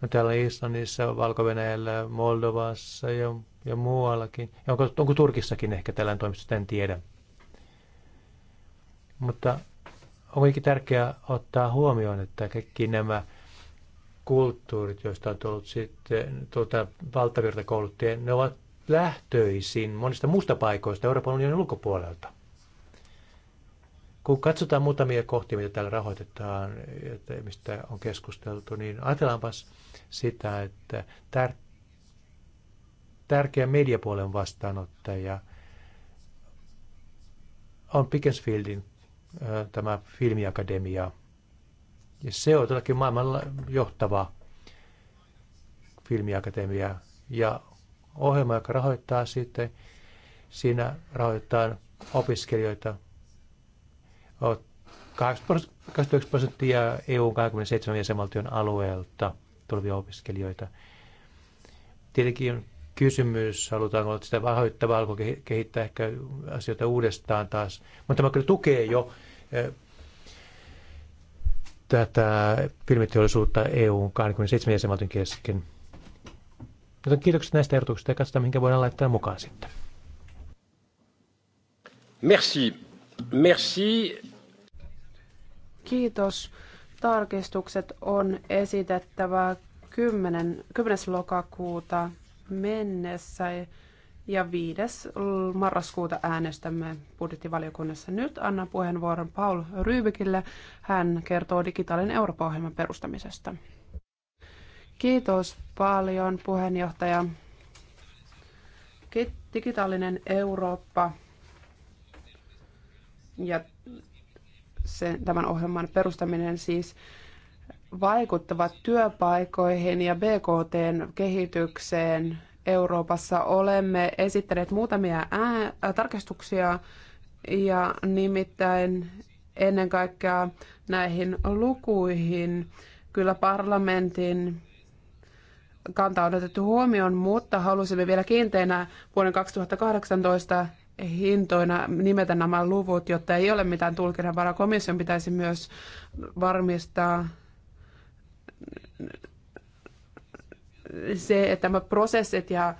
no täällä Islannissa, valko Moldovassa ja, ja muuallakin. Ja onko, onko Turkissakin ehkä tällainen toimisto, en tiedä. Mutta on kuitenkin tärkeää ottaa huomioon, että kaikki nämä kulttuurit, joista on tullut sitten tuota, valtavirtakouluttajia, ne ovat lähtöisin monista muista paikoista Euroopan unionin ulkopuolelta kun katsotaan muutamia kohtia, mitä täällä rahoitetaan, mistä on keskusteltu, niin ajatellaanpas sitä, että tär- tärkeä mediapuolen vastaanottaja on Pickensfieldin tämä filmiakademia. Ja se on todellakin maailman johtava filmiakademia Ja ohjelma, joka rahoittaa sitten, siinä rahoitetaan opiskelijoita – 89 prosenttia EUn 27 jäsenvaltion alueelta tulevia opiskelijoita. Tietenkin on kysymys, halutaanko sitä vahvittavaa, alkoi kehittää ehkä asioita uudestaan taas. Mutta tämä kyllä tukee jo eh, tätä filmiteollisuutta EUn 27 jäsenvaltion kesken. Joten kiitokset näistä ehdotuksista ja katsotaan, minkä voidaan laittaa mukaan sitten. Merci. Merci. Kiitos. Tarkistukset on esitettävä 10. 10. lokakuuta mennessä ja 5. marraskuuta äänestämme budjettivaliokunnassa. Nyt annan puheenvuoron Paul Rybikille. Hän kertoo digitaalinen Eurooppa-ohjelman perustamisesta. Kiitos paljon puheenjohtaja. Digitaalinen Eurooppa ja sen, tämän ohjelman perustaminen siis vaikuttavat työpaikoihin ja BKTn kehitykseen Euroopassa. Olemme esittäneet muutamia ää, ää, tarkastuksia ja nimittäin ennen kaikkea näihin lukuihin. Kyllä parlamentin kanta on otettu huomioon, mutta halusimme vielä kiinteänä vuoden 2018 hintoina nimetä nämä luvut, jotta ei ole mitään tulkinnanvaraa. Komission pitäisi myös varmistaa se, että nämä prosessit ja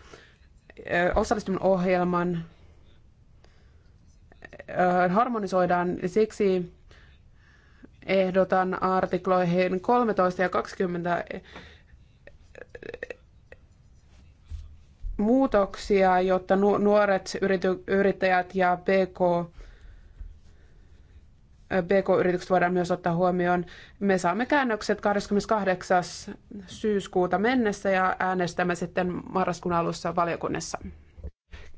osallistuminen ohjelman harmonisoidaan. Siksi ehdotan artikloihin 13 ja 20 muutoksia, jotta nuoret yrity, yrittäjät ja PK äh, PK-yritykset voidaan myös ottaa huomioon. Me saamme käännökset 28. syyskuuta mennessä ja äänestämme sitten marraskuun alussa valiokunnassa.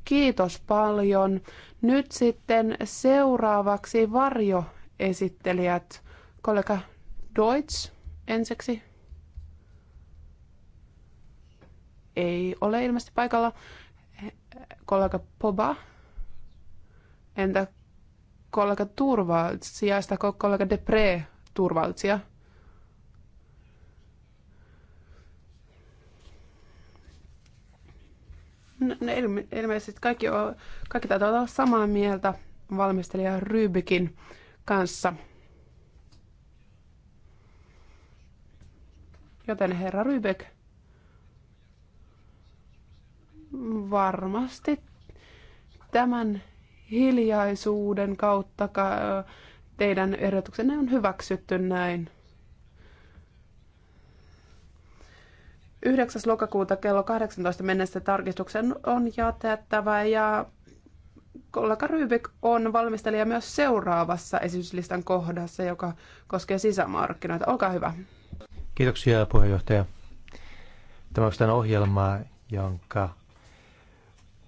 Kiitos paljon. Nyt sitten seuraavaksi varjoesittelijät. Kollega Deutsch ensiksi. ei ole ilmeisesti paikalla. Kollega Poba, entä kollega Turvaltsia, sitä kollega Depre Turvaltsia? No, ne ilme- ilmeisesti kaikki, on, kaikki taitaa olla samaa mieltä valmistelija Rybikin kanssa. Joten herra Rybek, varmasti tämän hiljaisuuden kautta teidän ehdotuksenne on hyväksytty näin. 9. lokakuuta kello 18 mennessä tarkistuksen on jätettävä ja kollega Rybik on valmistelija myös seuraavassa esityslistan kohdassa, joka koskee sisämarkkinoita. Olkaa hyvä. Kiitoksia puheenjohtaja. Tämä on ohjelma, jonka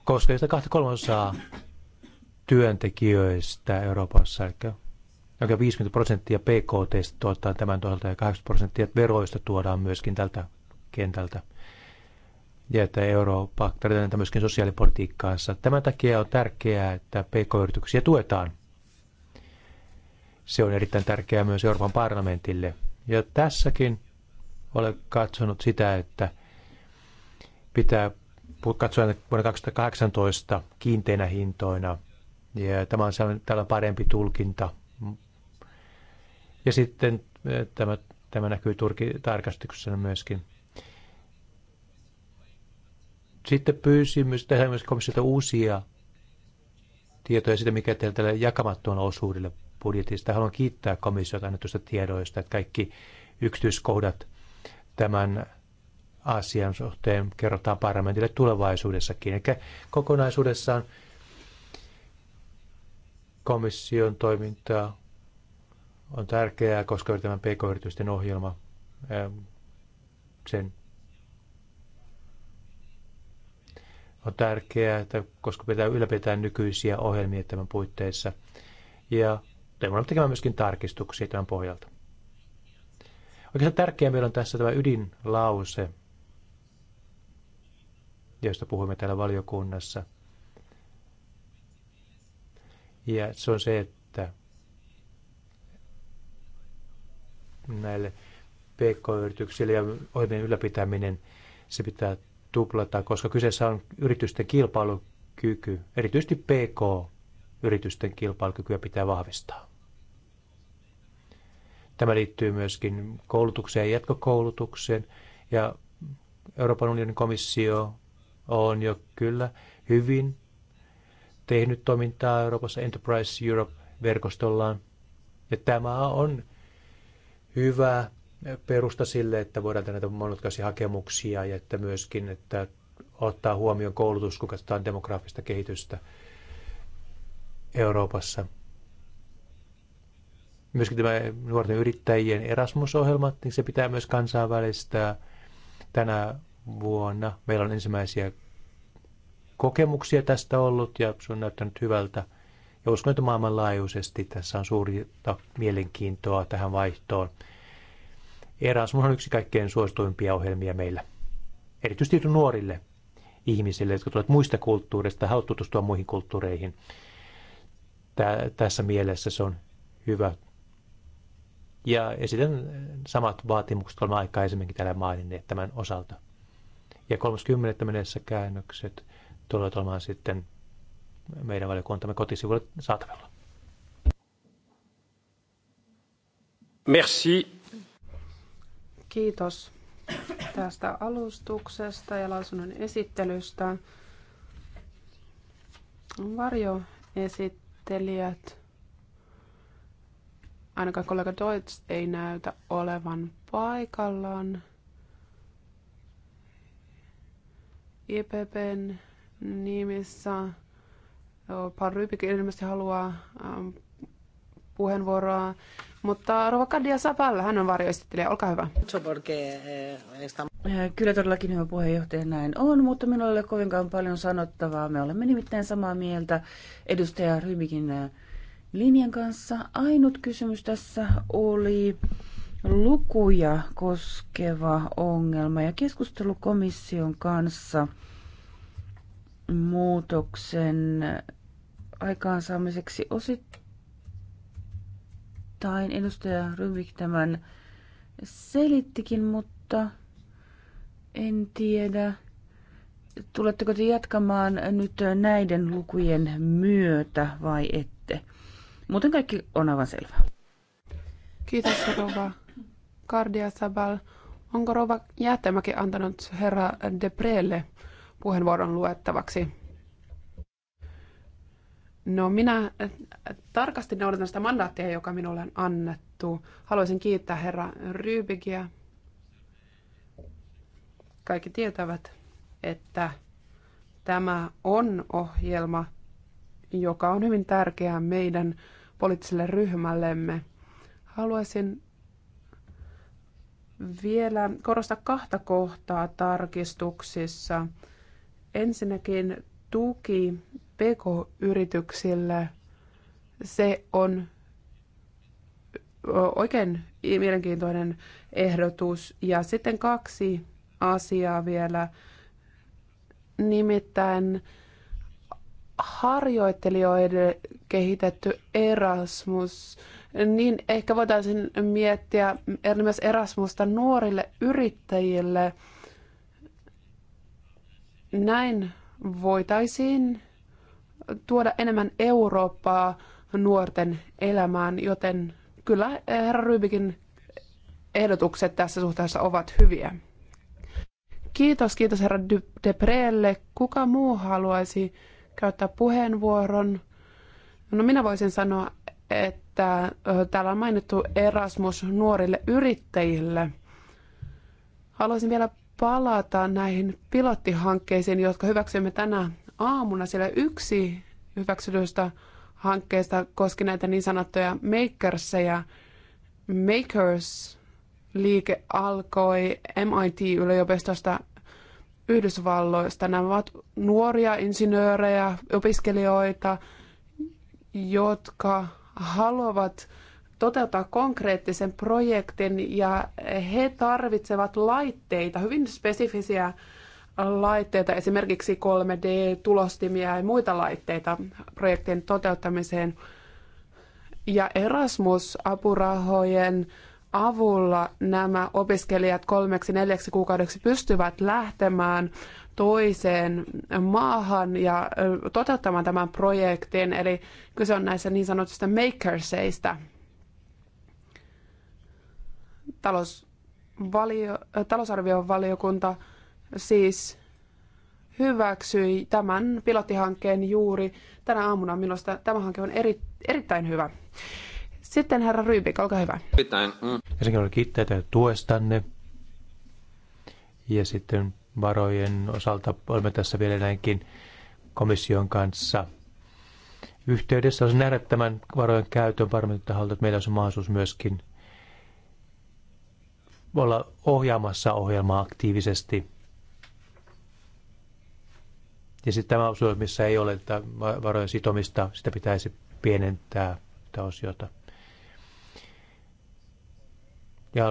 koskee sitä kahta kolmasosaa työntekijöistä Euroopassa, eli joka 50 prosenttia PKT tuottaa tämän toisaalta ja 80 prosenttia veroista tuodaan myöskin tältä kentältä. Ja että Eurooppa tarvitaan myöskin sosiaalipolitiikkaansa. Tämän takia on tärkeää, että PK-yrityksiä tuetaan. Se on erittäin tärkeää myös Euroopan parlamentille. Ja tässäkin olen katsonut sitä, että pitää katsoen vuonna 2018 kiinteinä hintoina. Ja tämä on tällä parempi tulkinta. Ja sitten eh, tämä, tämä näkyy Turkin tarkastuksessa myöskin. Sitten pyysimme tehdä myös komissiolta uusia tietoja siitä, mikä teillä tälle jakamattoon osuudelle budjetista. Haluan kiittää komissiota annetusta tiedoista, että kaikki yksityiskohdat tämän asian suhteen kerrotaan parlamentille tulevaisuudessakin. Eli kokonaisuudessaan komission toimintaa on tärkeää, koska tämä PK-yritysten ohjelma ähm, sen on tärkeää, että koska pitää ylläpitää nykyisiä ohjelmia tämän puitteissa. Ja on tekemään myöskin tarkistuksia tämän pohjalta. Oikeastaan tärkeää meillä on tässä tämä ydinlause, josta puhumme täällä valiokunnassa. Ja se on se, että näille pk-yrityksille ja ohjelmien ylläpitäminen, se pitää tuplata, koska kyseessä on yritysten kilpailukyky, erityisesti pk-yritysten kilpailukykyä pitää vahvistaa. Tämä liittyy myöskin koulutukseen ja jatkokoulutukseen ja Euroopan unionin komissio on jo kyllä hyvin tehnyt toimintaa Euroopassa Enterprise Europe-verkostollaan. Ja tämä on hyvä perusta sille, että voidaan tehdä näitä hakemuksia ja että myöskin, että ottaa huomioon koulutus, kun katsotaan demografista kehitystä Euroopassa. Myöskin tämä nuorten yrittäjien Erasmus-ohjelma, niin se pitää myös kansainvälistää tänä vuonna. Meillä on ensimmäisiä kokemuksia tästä ollut ja se on näyttänyt hyvältä. Ja uskon, että maailmanlaajuisesti tässä on suurta mielenkiintoa tähän vaihtoon. Erasmus on yksi kaikkein suosituimpia ohjelmia meillä. Erityisesti nuorille ihmisille, jotka tulevat muista kulttuureista, haluavat tutustua muihin kulttuureihin. Tää, tässä mielessä se on hyvä. Ja esitän samat vaatimukset, kun olemme aikaisemminkin täällä maininneet tämän osalta ja 30. mennessä käännökset tulevat olemaan sitten meidän valiokuntamme kotisivuille saatavilla. Merci. Kiitos tästä alustuksesta ja lausunnon esittelystä. Varjoesittelijät, ainakaan kollega Deutsch ei näytä olevan paikallaan. IPPn e nimissä Paul Rybikin ilmeisesti haluaa ähm, puheenvuoroa, mutta Rova Kadia Sapalla, hän on varjoistettelija. olkaa hyvä. Eh, eh, kyllä todellakin hyvä puheenjohtaja näin on, mutta minulla ei ole kovinkaan paljon sanottavaa. Me olemme nimittäin samaa mieltä edustaja Rybikin eh, linjan kanssa. Ainut kysymys tässä oli lukuja koskeva ongelma ja keskustelu komission kanssa muutoksen aikaansaamiseksi osittain edustaja Rybik tämän selittikin, mutta en tiedä, tuletteko te jatkamaan nyt näiden lukujen myötä vai ette. Muuten kaikki on aivan selvää. Kiitos Rova Kardia Sabal, onko Rova jäätemäki antanut herra Deprelle puheenvuoron luettavaksi? No minä tarkasti noudatan sitä mandaattia, joka minulle on annettu. Haluaisin kiittää herra Rybigia. Kaikki tietävät, että tämä on ohjelma, joka on hyvin tärkeä meidän poliittiselle ryhmällemme. Haluaisin vielä korostaa kahta kohtaa tarkistuksissa. Ensinnäkin tuki PK-yrityksille, se on oikein mielenkiintoinen ehdotus. Ja sitten kaksi asiaa vielä, nimittäin harjoittelijoille kehitetty Erasmus – niin ehkä voitaisiin miettiä myös Erasmusta nuorille yrittäjille. Näin voitaisiin tuoda enemmän Eurooppaa nuorten elämään, joten kyllä herra Rybikin ehdotukset tässä suhteessa ovat hyviä. Kiitos, kiitos herra Deprelle. Kuka muu haluaisi käyttää puheenvuoron? No minä voisin sanoa, että että täällä on mainittu Erasmus nuorille yrittäjille. Haluaisin vielä palata näihin pilottihankkeisiin, jotka hyväksymme tänä aamuna, sillä yksi hyväksytyistä hankkeista koski näitä niin sanottuja makersseja Makers-liike alkoi MIT-yliopistosta Yhdysvalloista. Nämä ovat nuoria insinöörejä, opiskelijoita, jotka haluavat toteuttaa konkreettisen projektin ja he tarvitsevat laitteita, hyvin spesifisiä laitteita, esimerkiksi 3D-tulostimia ja muita laitteita projektin toteuttamiseen. Ja Erasmus-apurahojen avulla nämä opiskelijat kolmeksi neljäksi kuukaudeksi pystyvät lähtemään toiseen maahan ja toteuttamaan tämän projektin. Eli kyse on näissä niin sanotusta makerseista. Talousvalio, talousarviovaliokunta siis hyväksyi tämän pilottihankkeen juuri tänä aamuna. Minusta tämä hanke on eri, erittäin hyvä. Sitten herra Rybik, olkaa hyvä. Mm. Ensinnäkin haluan kiittää tuestanne. Ja sitten varojen osalta olemme tässä vielä näinkin komission kanssa yhteydessä. Olisi nähdä tämän varojen käytön varmasti, että että meillä olisi mahdollisuus myöskin olla ohjaamassa ohjelmaa aktiivisesti. Ja sitten tämä osuus, missä ei ole varojen sitomista, sitä pitäisi pienentää, tätä osiota. Ja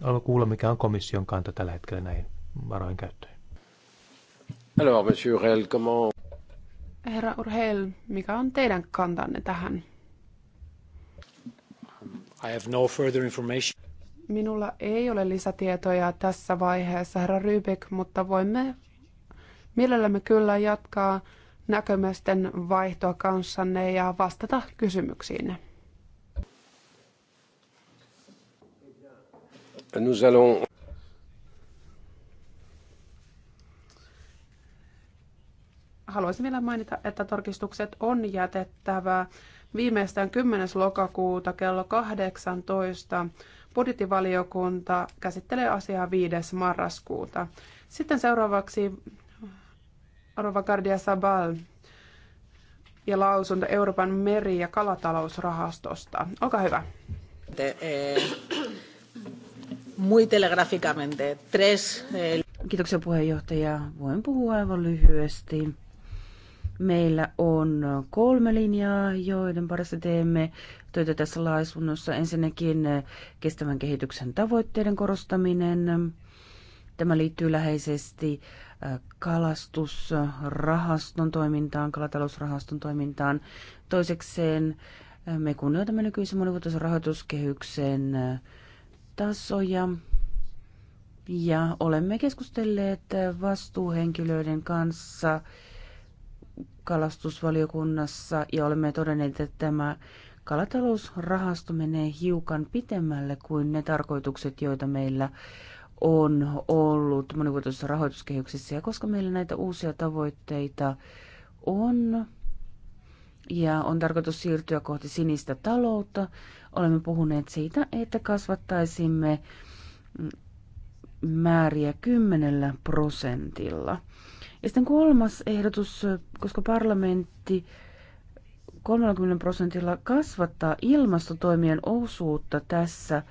haluamme kuulla, mikä on komission kanta tällä hetkellä näihin varojen käyttöön. Herra Urheil, mikä on teidän kantanne tähän? I have no further information. Minulla ei ole lisätietoja tässä vaiheessa, herra Rybik, mutta voimme mielellämme kyllä jatkaa näkömästen vaihtoa kanssanne ja vastata kysymyksiin. Nous allons... haluaisin vielä mainita, että tarkistukset on jätettävä viimeistään 10. lokakuuta kello 18. Budjettivaliokunta käsittelee asiaa 5. marraskuuta. Sitten seuraavaksi Arova Gardia Sabal ja lausunto Euroopan meri- ja kalatalousrahastosta. Olkaa hyvä. Eh, muy telegráficamente Tres. Eh, Kiitoksia puheenjohtaja. Voin puhua aivan lyhyesti. Meillä on kolme linjaa, joiden parissa teemme töitä tässä laisunnossa. Ensinnäkin kestävän kehityksen tavoitteiden korostaminen. Tämä liittyy läheisesti kalastusrahaston toimintaan, kalatalousrahaston toimintaan. Toisekseen me kunnioitamme nykyisen monivuotisen rahoituskehyksen tasoja ja olemme keskustelleet vastuuhenkilöiden kanssa – kalastusvaliokunnassa ja olemme todenneet, että tämä kalatalousrahasto menee hiukan pitemmälle kuin ne tarkoitukset, joita meillä on ollut monivuotoisessa rahoituskehyksessä. Ja koska meillä näitä uusia tavoitteita on ja on tarkoitus siirtyä kohti sinistä taloutta, olemme puhuneet siitä, että kasvattaisimme määriä kymmenellä prosentilla. Ja sitten kolmas ehdotus, koska parlamentti 30 prosentilla kasvattaa ilmastotoimien osuutta tässä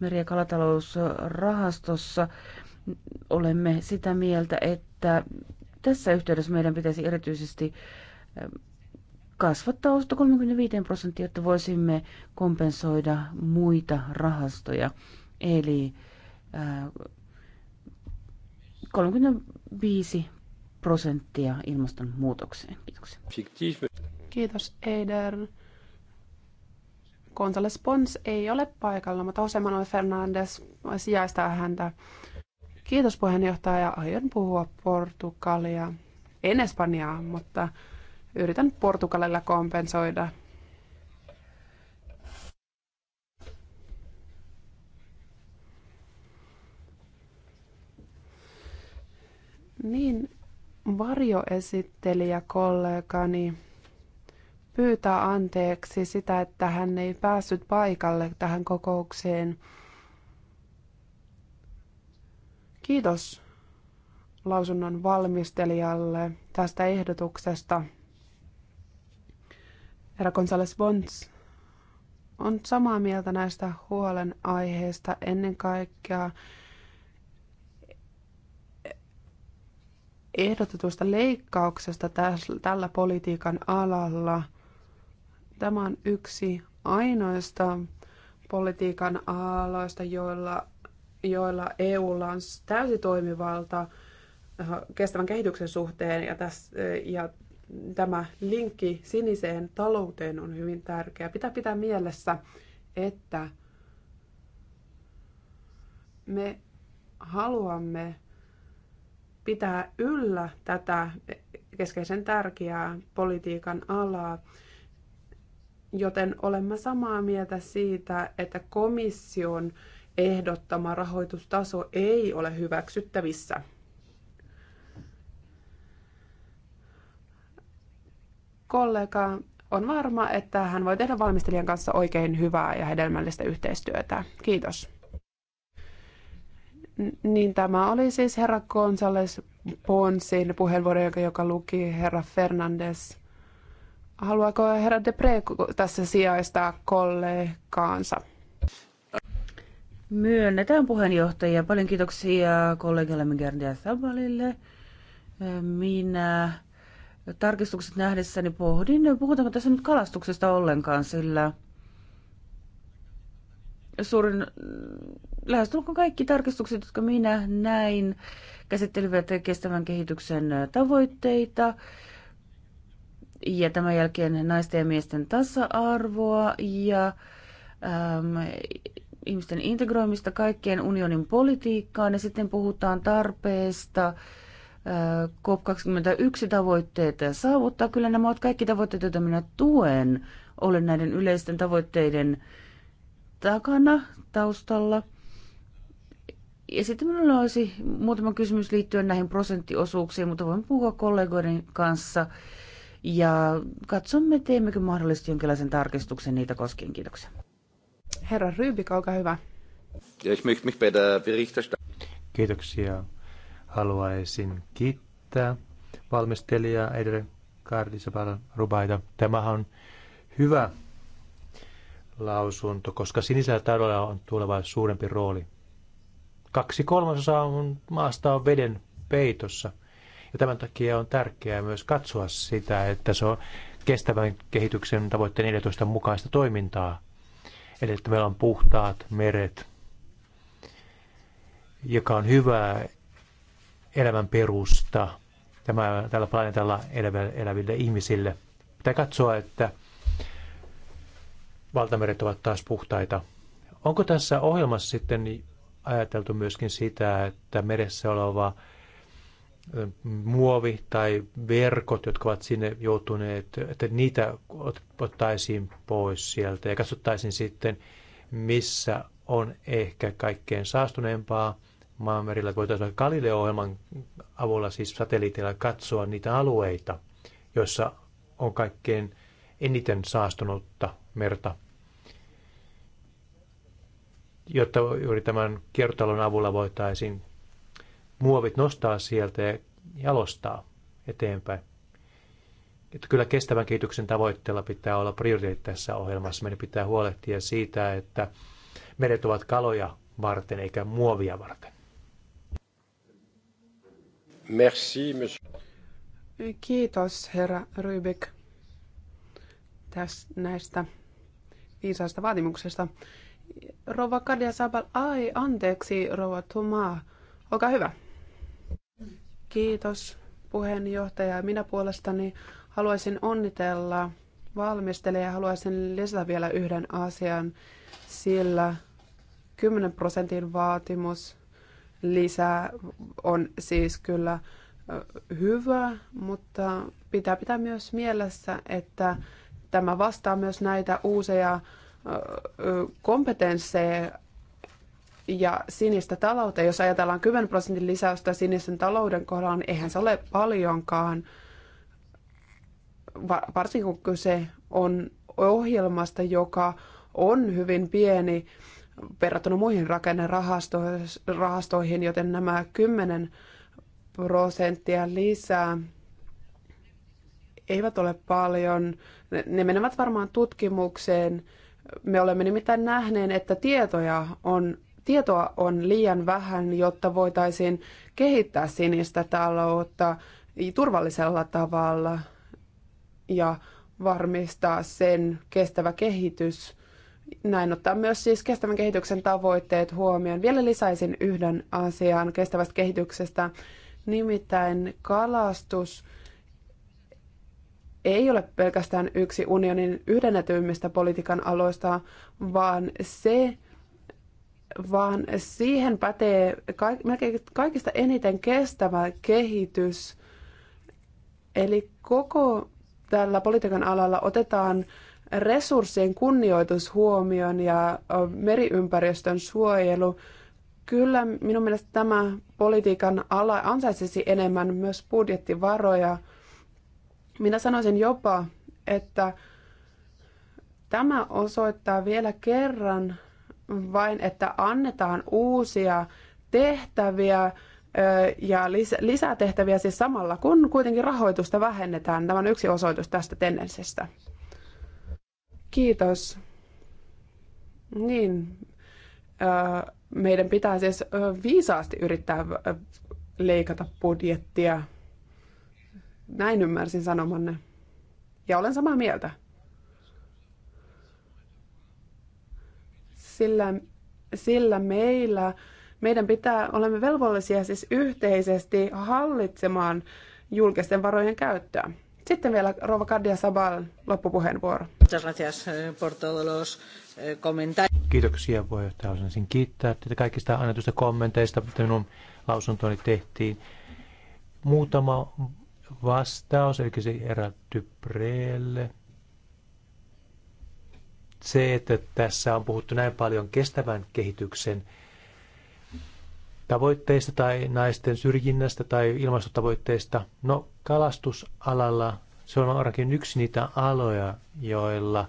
meri- ja kalatalousrahastossa. Olemme sitä mieltä, että tässä yhteydessä meidän pitäisi erityisesti ähm, kasvattaa osto 35 prosenttia, jotta voisimme kompensoida muita rahastoja. Eli 35 äh, prosenttia ilmastonmuutokseen. Kiitoksia. Kiitos Eider. Gonzales Pons ei ole paikalla, mutta Jose Manuel Fernandes sijaistaa häntä. Kiitos puheenjohtaja. Aion puhua Portugalia. En Espanjaa, mutta yritän Portugalilla kompensoida. Niin, varjoesittelijä kollegani pyytää anteeksi sitä, että hän ei päässyt paikalle tähän kokoukseen. Kiitos lausunnon valmistelijalle tästä ehdotuksesta. Herra Gonzales Bons on samaa mieltä näistä huolenaiheista ennen kaikkea ehdotetusta leikkauksesta tällä politiikan alalla. Tämä on yksi ainoista politiikan aloista, joilla, joilla EUlla on täysi toimivalta äh, kestävän kehityksen suhteen ja, tässä, äh, ja tämä linkki siniseen talouteen on hyvin tärkeä. Pitää pitää mielessä, että me haluamme pitää yllä tätä keskeisen tärkeää politiikan alaa, joten olemme samaa mieltä siitä, että komission ehdottama rahoitustaso ei ole hyväksyttävissä. Kollega on varma, että hän voi tehdä valmistelijan kanssa oikein hyvää ja hedelmällistä yhteistyötä. Kiitos. Niin tämä oli siis herra Gonzales Ponsin puheenvuoro, joka, joka luki herra Fernandes. Haluaako herra Depre tässä sijaistaa kollegaansa? Myönnetään puheenjohtajia. Paljon kiitoksia kollegallemme Gerdia Sabalille. Minä tarkistukset nähdessäni pohdin, puhutaanko tässä nyt kalastuksesta ollenkaan, sillä suurin lähestulkoon kaikki tarkistukset, jotka minä näin, käsittelivät kestävän kehityksen tavoitteita ja tämän jälkeen naisten ja miesten tasa-arvoa ja ähm, ihmisten integroimista kaikkeen unionin politiikkaan ja sitten puhutaan tarpeesta COP21 tavoitteet saavuttaa. Kyllä nämä ovat kaikki tavoitteet, joita minä tuen. Olen näiden yleisten tavoitteiden takana taustalla. Ja sitten minulla olisi muutama kysymys liittyen näihin prosenttiosuuksiin, mutta voin puhua kollegoiden kanssa. Ja katsomme, teemmekö mahdollisesti jonkinlaisen tarkistuksen niitä koskien. Kiitoksia. Herra Rybik, olkaa hyvä. Kiitoksia. Haluaisin kiittää valmistelijaa Edre Kardisabal Rubaita. Tämä on hyvä lausunto, koska sinisellä talolla on tuleva suurempi rooli kaksi kolmasosaa on, maasta on veden peitossa. Ja tämän takia on tärkeää myös katsoa sitä, että se on kestävän kehityksen tavoitteen 14 mukaista toimintaa. Eli että meillä on puhtaat meret, joka on hyvää elämän perusta tämä, tällä planeetalla eläville ihmisille. Pitää katsoa, että valtameret ovat taas puhtaita. Onko tässä ohjelmassa sitten ajateltu myöskin sitä, että meressä oleva muovi tai verkot, jotka ovat sinne joutuneet, että niitä ottaisiin pois sieltä ja katsottaisiin sitten, missä on ehkä kaikkein saastuneempaa maanmerillä. Voitaisiin Galileo-ohjelman avulla siis satelliiteilla katsoa niitä alueita, joissa on kaikkein eniten saastunutta merta jotta juuri tämän kiertotalon avulla voitaisiin muovit nostaa sieltä ja jalostaa eteenpäin. Että kyllä kestävän kehityksen tavoitteella pitää olla prioriteetti tässä ohjelmassa. Meidän pitää huolehtia siitä, että meret ovat kaloja varten eikä muovia varten. Merci, Kiitos, herra Rybik, tästä näistä viisaista vaatimuksesta. Rova Kadia Sabal, ai anteeksi Rova Tumaa. Olkaa hyvä. Kiitos puheenjohtaja. Minä puolestani haluaisin onnitella valmistelijaa. Haluaisin lisätä vielä yhden asian, sillä 10 prosentin vaatimus lisää on siis kyllä hyvä, mutta pitää pitää myös mielessä, että tämä vastaa myös näitä uusia kompetensseja ja sinistä taloutta. Jos ajatellaan 10 prosentin lisäystä sinisen talouden kohdalla, niin eihän se ole paljonkaan, varsinkin kun kyse on ohjelmasta, joka on hyvin pieni verrattuna muihin rakennerahastoihin, joten nämä 10 prosenttia lisää eivät ole paljon. Ne menevät varmaan tutkimukseen, me olemme nimittäin nähneet, että tietoja on, tietoa on liian vähän, jotta voitaisiin kehittää sinistä taloutta turvallisella tavalla ja varmistaa sen kestävä kehitys. Näin ottaa myös siis kestävän kehityksen tavoitteet huomioon. Vielä lisäisin yhden asian kestävästä kehityksestä, nimittäin kalastus ei ole pelkästään yksi unionin yhdennetyimmistä politiikan aloista, vaan se, vaan siihen pätee melkein kaikista eniten kestävä kehitys. Eli koko tällä politiikan alalla otetaan resurssien kunnioitus huomioon ja meriympäristön suojelu. Kyllä minun mielestä tämä politiikan ala ansaitsisi enemmän myös budjettivaroja – minä sanoisin jopa, että tämä osoittaa vielä kerran vain, että annetaan uusia tehtäviä ja lisätehtäviä siis samalla, kun kuitenkin rahoitusta vähennetään. Tämä on yksi osoitus tästä tendenssistä. Kiitos. Niin, meidän pitää siis viisaasti yrittää leikata budjettia. Näin ymmärsin sanomanne. Ja olen samaa mieltä. Sillä, sillä meillä, meidän pitää, olemme velvollisia siis yhteisesti hallitsemaan julkisten varojen käyttöä. Sitten vielä Rova Kadia Sabal, loppupuheenvuoro. Eh, eh, Kiitoksia puheenjohtaja. Haluaisin kiittää teitä kaikista annetuista kommenteista, mitä minun lausuntoni tehtiin. Muutama vastaus, eli se erä Dupreelle. Se, että tässä on puhuttu näin paljon kestävän kehityksen tavoitteista tai naisten syrjinnästä tai ilmastotavoitteista. No, kalastusalalla se on ainakin yksi niitä aloja, joilla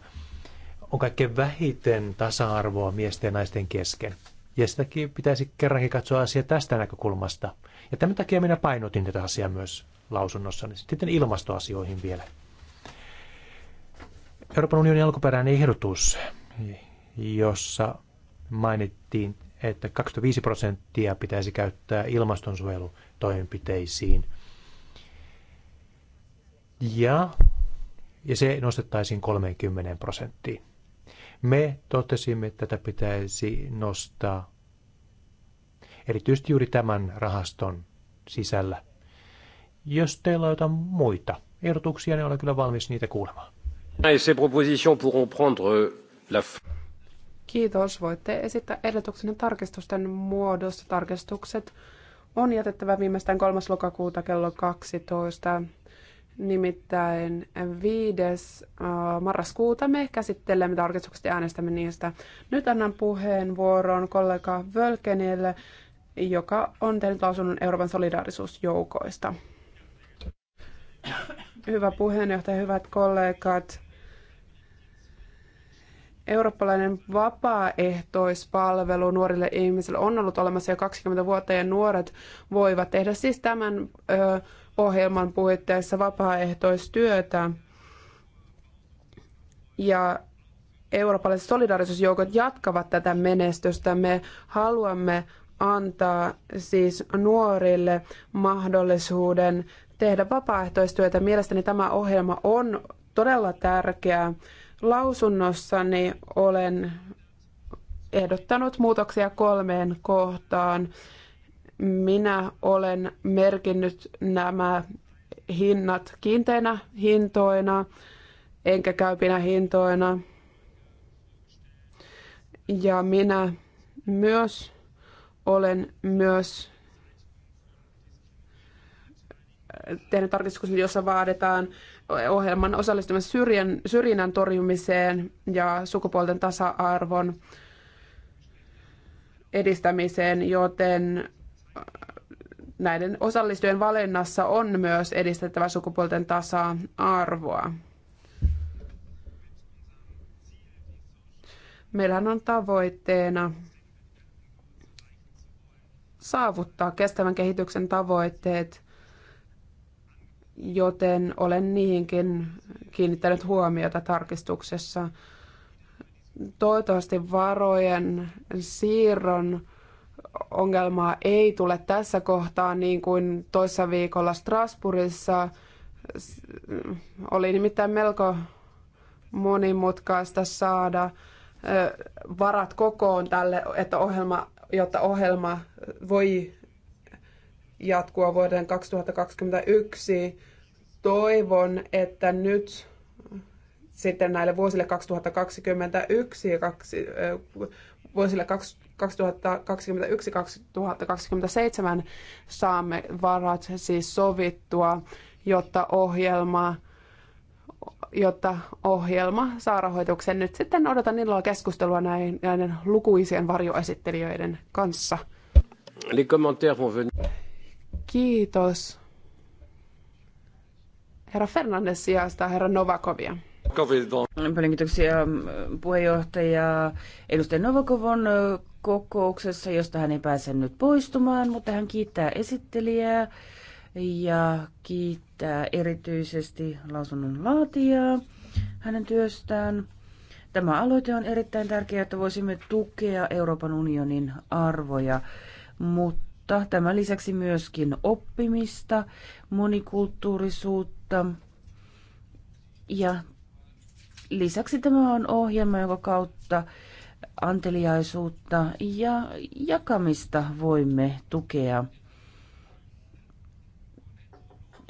on kaikkein vähiten tasa-arvoa miesten ja naisten kesken. Ja sitäkin pitäisi kerrankin katsoa asia tästä näkökulmasta. Ja tämän takia minä painotin tätä asiaa myös lausunnossa. Niin sitten ilmastoasioihin vielä. Euroopan unionin alkuperäinen ehdotus, jossa mainittiin, että 25 prosenttia pitäisi käyttää ilmastonsuojelutoimenpiteisiin. Ja, ja se nostettaisiin 30 prosenttiin. Me totesimme, että tätä pitäisi nostaa erityisesti juuri tämän rahaston sisällä jos teillä on jotain muita ehdotuksia, niin olen kyllä valmis niitä kuulemaan. Euh, Kiitos. Voitte esittää ehdotuksenne tarkistusten muodossa. Tarkistukset on jätettävä viimeistään 3. lokakuuta kello 12. Nimittäin 5. marraskuuta me käsittelemme tarkistukset ja äänestämme niistä. Nyt annan puheenvuoron kollega Völkenille, joka on tehnyt lausunnon Euroopan solidaarisuusjoukoista. Hyvä puheenjohtaja, hyvät kollegat. Eurooppalainen vapaaehtoispalvelu nuorille ihmisille on ollut olemassa jo 20 vuotta ja nuoret voivat tehdä siis tämän ö, ohjelman puitteissa vapaaehtoistyötä. Ja eurooppalaiset solidaarisuusjoukot jatkavat tätä menestystä. Me haluamme antaa siis nuorille mahdollisuuden tehdä vapaaehtoistyötä. Mielestäni tämä ohjelma on todella tärkeä. Lausunnossani olen ehdottanut muutoksia kolmeen kohtaan. Minä olen merkinnyt nämä hinnat kiinteinä hintoina, enkä käypinä hintoina. Ja minä myös olen myös tehnyt tarkistuksen, jossa vaaditaan ohjelman osallistumista syrjän, syrjinnän torjumiseen ja sukupuolten tasa-arvon edistämiseen, joten äh, näiden osallistujien valinnassa on myös edistettävä sukupuolten tasa-arvoa. Meillähän on tavoitteena saavuttaa kestävän kehityksen tavoitteet joten olen niihinkin kiinnittänyt huomiota tarkistuksessa. Toivottavasti varojen siirron ongelmaa ei tule tässä kohtaa niin kuin toissa viikolla Strasbourgissa. Oli nimittäin melko monimutkaista saada varat kokoon tälle, että ohjelma, jotta ohjelma voi jatkua vuoden 2021. Toivon, että nyt sitten näille vuosille 2021 ja kaksi, vuosille 2021-2027 saamme varat siis sovittua, jotta ohjelma jotta ohjelma saa rahoituksen. Nyt sitten odotan illalla keskustelua näiden, näiden lukuisien varjoesittelijöiden kanssa. Kiitos. Herra Fernandes sijasta herra Novakovia. Paljon kiitoksia ähm, puheenjohtaja edustaja Novakovon äh, kokouksessa, josta hän ei nyt poistumaan, mutta hän kiittää esittelijää ja kiittää erityisesti lausunnon laatijaa hänen työstään. Tämä aloite on erittäin tärkeä, että voisimme tukea Euroopan unionin arvoja, mutta mutta tämän lisäksi myöskin oppimista, monikulttuurisuutta. Ja lisäksi tämä on ohjelma, jonka kautta anteliaisuutta ja jakamista voimme tukea.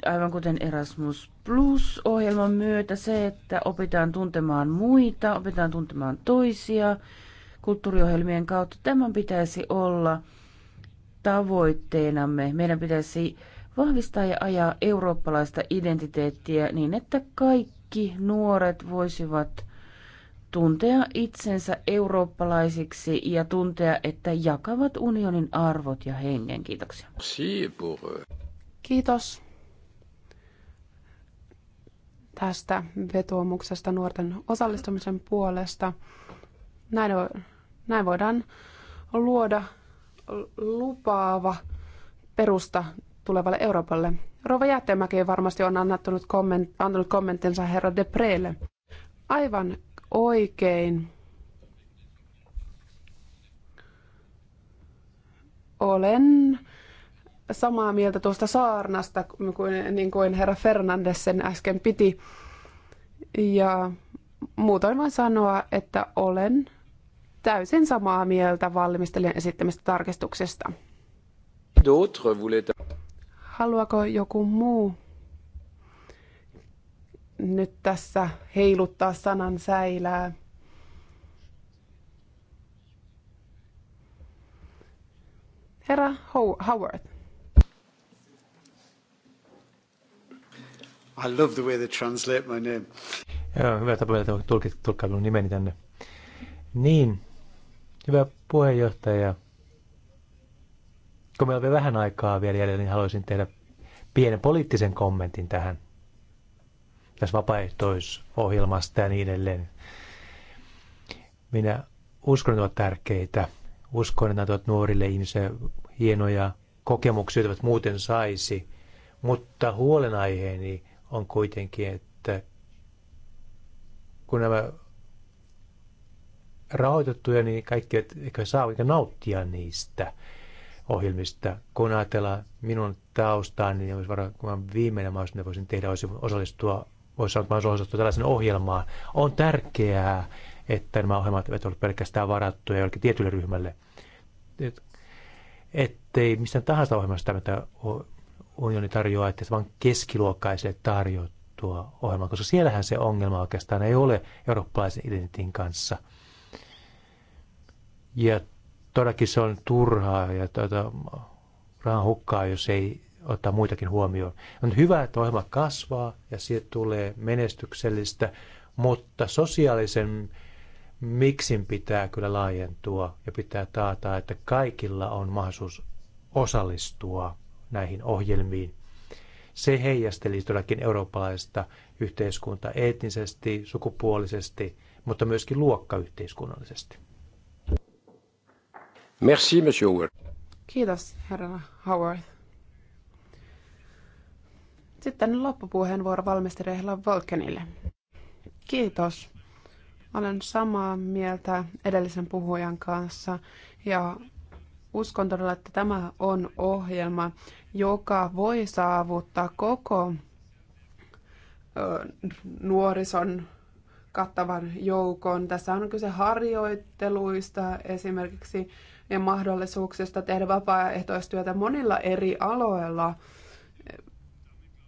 Aivan kuten Erasmus Plus-ohjelman myötä se, että opitaan tuntemaan muita, opitaan tuntemaan toisia kulttuuriohjelmien kautta, tämän pitäisi olla – tavoitteenamme. Meidän pitäisi vahvistaa ja ajaa eurooppalaista identiteettiä niin, että kaikki nuoret voisivat tuntea itsensä eurooppalaisiksi ja tuntea, että jakavat unionin arvot ja hengen. Kiitoksia. Euh, Kiitos tästä vetoomuksesta nuorten osallistumisen puolesta. Näin, näin voidaan luoda lupaava perusta tulevalle Euroopalle. Rova Jätemäki varmasti on annettunut komment- antanut kommenttinsa herra Depreelle. Aivan oikein. Olen samaa mieltä tuosta saarnasta kuin, niin kuin herra Fernandes sen äsken piti. Ja muutoin vain sanoa, että olen täysin samaa mieltä valmistelijan esittämistä tarkistuksesta. Haluaako joku muu nyt tässä heiluttaa sanan säilää? Herra Howard. I love the way they translate my name. Joo, hyvä tapa, että tulkkaa minun nimeni tänne. Niin, Hyvä puheenjohtaja. Kun meillä on vielä vähän aikaa vielä jäljellä, niin haluaisin tehdä pienen poliittisen kommentin tähän tässä vapaaehtoisohjelmasta ja niin edelleen. Minä uskon, että ovat tärkeitä. Uskon, että ovat nuorille ihmisille hienoja kokemuksia, joita muuten saisi. Mutta huolenaiheeni on kuitenkin, että kun nämä rahoitettuja, niin kaikki eikö saa oikein nauttia niistä ohjelmista. Kun ajatellaan minun taustaani, niin olisi varmaan viimeinen mahdollisuus, mitä niin voisin tehdä, olisi osallistua, voisi sanoa, että osallistua tällaisen ohjelmaan. On tärkeää, että nämä ohjelmat eivät ole pelkästään varattuja jollekin tietylle ryhmälle. Et, ettei mistään tahansa ohjelmasta mitä unioni tarjoaa, että se vain keskiluokkaiselle tarjottua ohjelmaa, koska siellähän se ongelma oikeastaan ei ole eurooppalaisen identiteetin kanssa – ja todellakin se on turhaa ja tuota, rahan hukkaa, jos ei ottaa muitakin huomioon. On hyvä, että ohjelma kasvaa ja siitä tulee menestyksellistä, mutta sosiaalisen miksin pitää kyllä laajentua ja pitää taata, että kaikilla on mahdollisuus osallistua näihin ohjelmiin. Se heijasteli todellakin eurooppalaista yhteiskuntaa etnisesti, sukupuolisesti, mutta myöskin luokkayhteiskunnallisesti. Merci, Monsieur Howard. Kiitos, herra Howard. Sitten loppupuheenvuoro valmistelijalla Volkenille. Kiitos. Olen samaa mieltä edellisen puhujan kanssa ja uskon todella, että tämä on ohjelma, joka voi saavuttaa koko nuorison kattavan joukon. Tässä on kyse harjoitteluista, esimerkiksi ja mahdollisuuksista tehdä vapaaehtoistyötä monilla eri aloilla.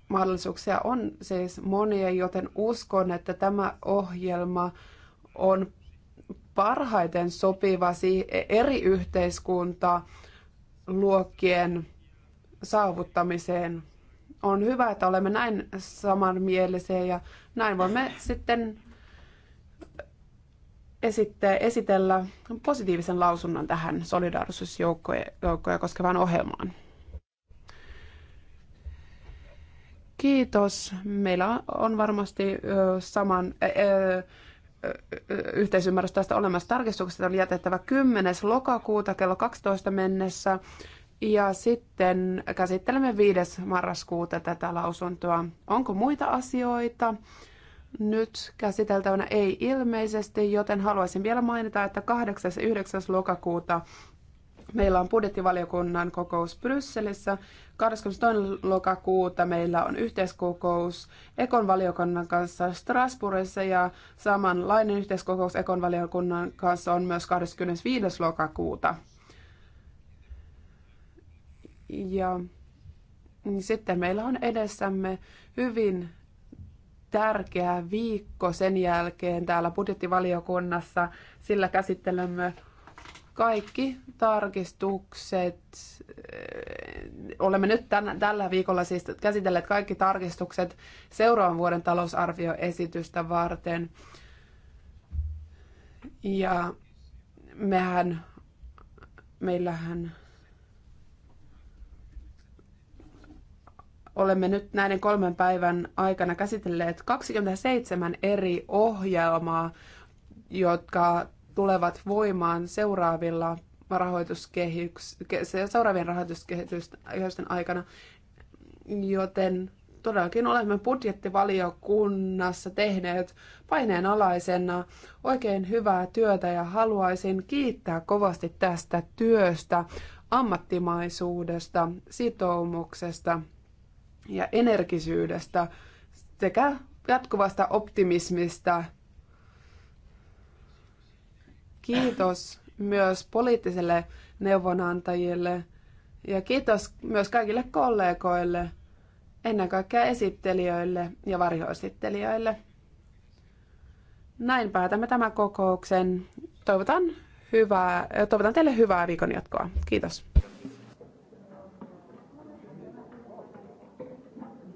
Mahdollisuuksia on siis monia, joten uskon, että tämä ohjelma on parhaiten sopiva eri yhteiskunta luokkien saavuttamiseen. On hyvä, että olemme näin samanmielisiä ja näin voimme sitten esittää, esitellä positiivisen lausunnon tähän solidaarisuusjoukkoja koskevaan ohjelmaan. Kiitos. Meillä on varmasti saman yhteisymmärrys tästä olemassa. Tarkistuksesta on jätettävä 10. lokakuuta kello 12 mennessä. Ja sitten käsittelemme 5. marraskuuta tätä lausuntoa. Onko muita asioita? nyt käsiteltävänä ei ilmeisesti, joten haluaisin vielä mainita, että 8. ja 9. lokakuuta meillä on budjettivaliokunnan kokous Brysselissä. 22. lokakuuta meillä on yhteiskokous Ekon valiokunnan kanssa Strasbourgissa ja samanlainen yhteiskokous Ekon valiokunnan kanssa on myös 25. lokakuuta. Ja sitten meillä on edessämme hyvin tärkeä viikko sen jälkeen täällä budjettivaliokunnassa, sillä käsittelemme kaikki tarkistukset. Äh, olemme nyt tämän, tällä viikolla siis käsitelleet kaikki tarkistukset seuraavan vuoden talousarvioesitystä varten. Ja mehän, meillähän Olemme nyt näiden kolmen päivän aikana käsitelleet 27 eri ohjelmaa, jotka tulevat voimaan seuraavilla rahoituskehyks, seuraavien rahoituskehitysten aikana, joten todellakin olemme budjettivaliokunnassa tehneet paineenalaisena oikein hyvää työtä ja haluaisin kiittää kovasti tästä työstä, ammattimaisuudesta, sitoumuksesta – ja energisyydestä sekä jatkuvasta optimismista. Kiitos myös poliittiselle neuvonantajille ja kiitos myös kaikille kollegoille, ennen kaikkea esittelijöille ja varjoesittelijöille. Näin päätämme tämän kokouksen. Toivotan, hyvää, toivotan teille hyvää viikon jatkoa. Kiitos.